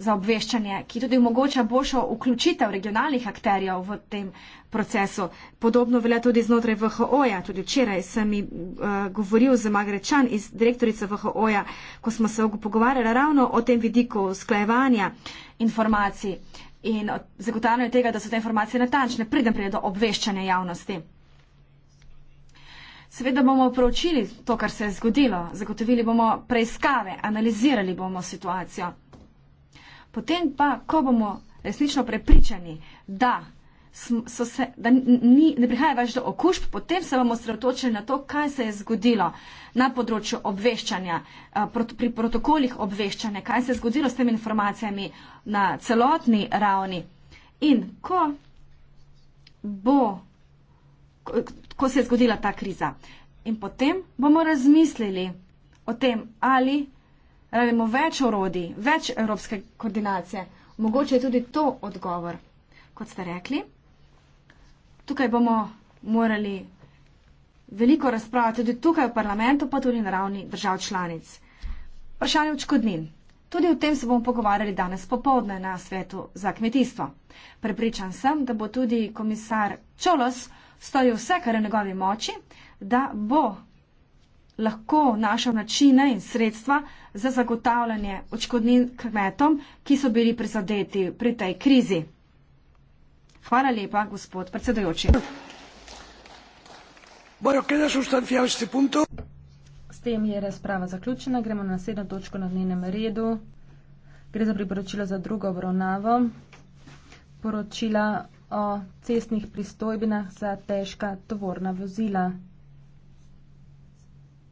za obveščanje, ki tudi omogoča boljšo vključitev regionalnih akterjev v tem procesu. Podobno velja tudi znotraj VHO-ja. Tudi včeraj sem uh, govoril z Magrečan iz direktorice VHO-ja, ko smo se pogovarjali ravno o tem vidiku sklajevanja informacij. Uh, in zagotavljanje tega, da so te informacije natančne, preden pride do obveščanja javnosti. Seveda bomo proučili to, kar se je zgodilo, zagotovili bomo preiskave, analizirali bomo situacijo. Potem pa, ko bomo resnično prepričani, da so se, da ni, ne prihaja več do okužb, potem se bomo sredotočili na to, kaj se je zgodilo na področju obveščanja, eh, pri protokolih obveščanja, kaj se je zgodilo s temi informacijami na celotni ravni. In ko bo, ko se je zgodila ta kriza, in potem bomo razmislili o tem, ali rabimo več orodij, več evropske koordinacije, mogoče je tudi to odgovor, kot ste rekli tukaj bomo morali veliko razpravljati tudi tukaj v parlamentu, pa tudi na ravni držav članic. Vprašanje očkodnin. Tudi o tem se bomo pogovarjali danes popovdne na svetu za kmetijstvo. Prepričan sem, da bo tudi komisar Čolos storil vse, kar je v njegovi moči, da bo lahko našel načine in sredstva za zagotavljanje očkodnin kmetom, ki so bili prizadeti pri tej krizi. Hvala lepa, gospod predsedujoči. Bueno, queda sustanciado este punto. S tem je razprava zaključena. Gremo na naslednjo točko na dnevnem redu. Gre za priporočilo za drugo obravnavo. Poročila o cestnih pristojbinah za težka tovorna vozila.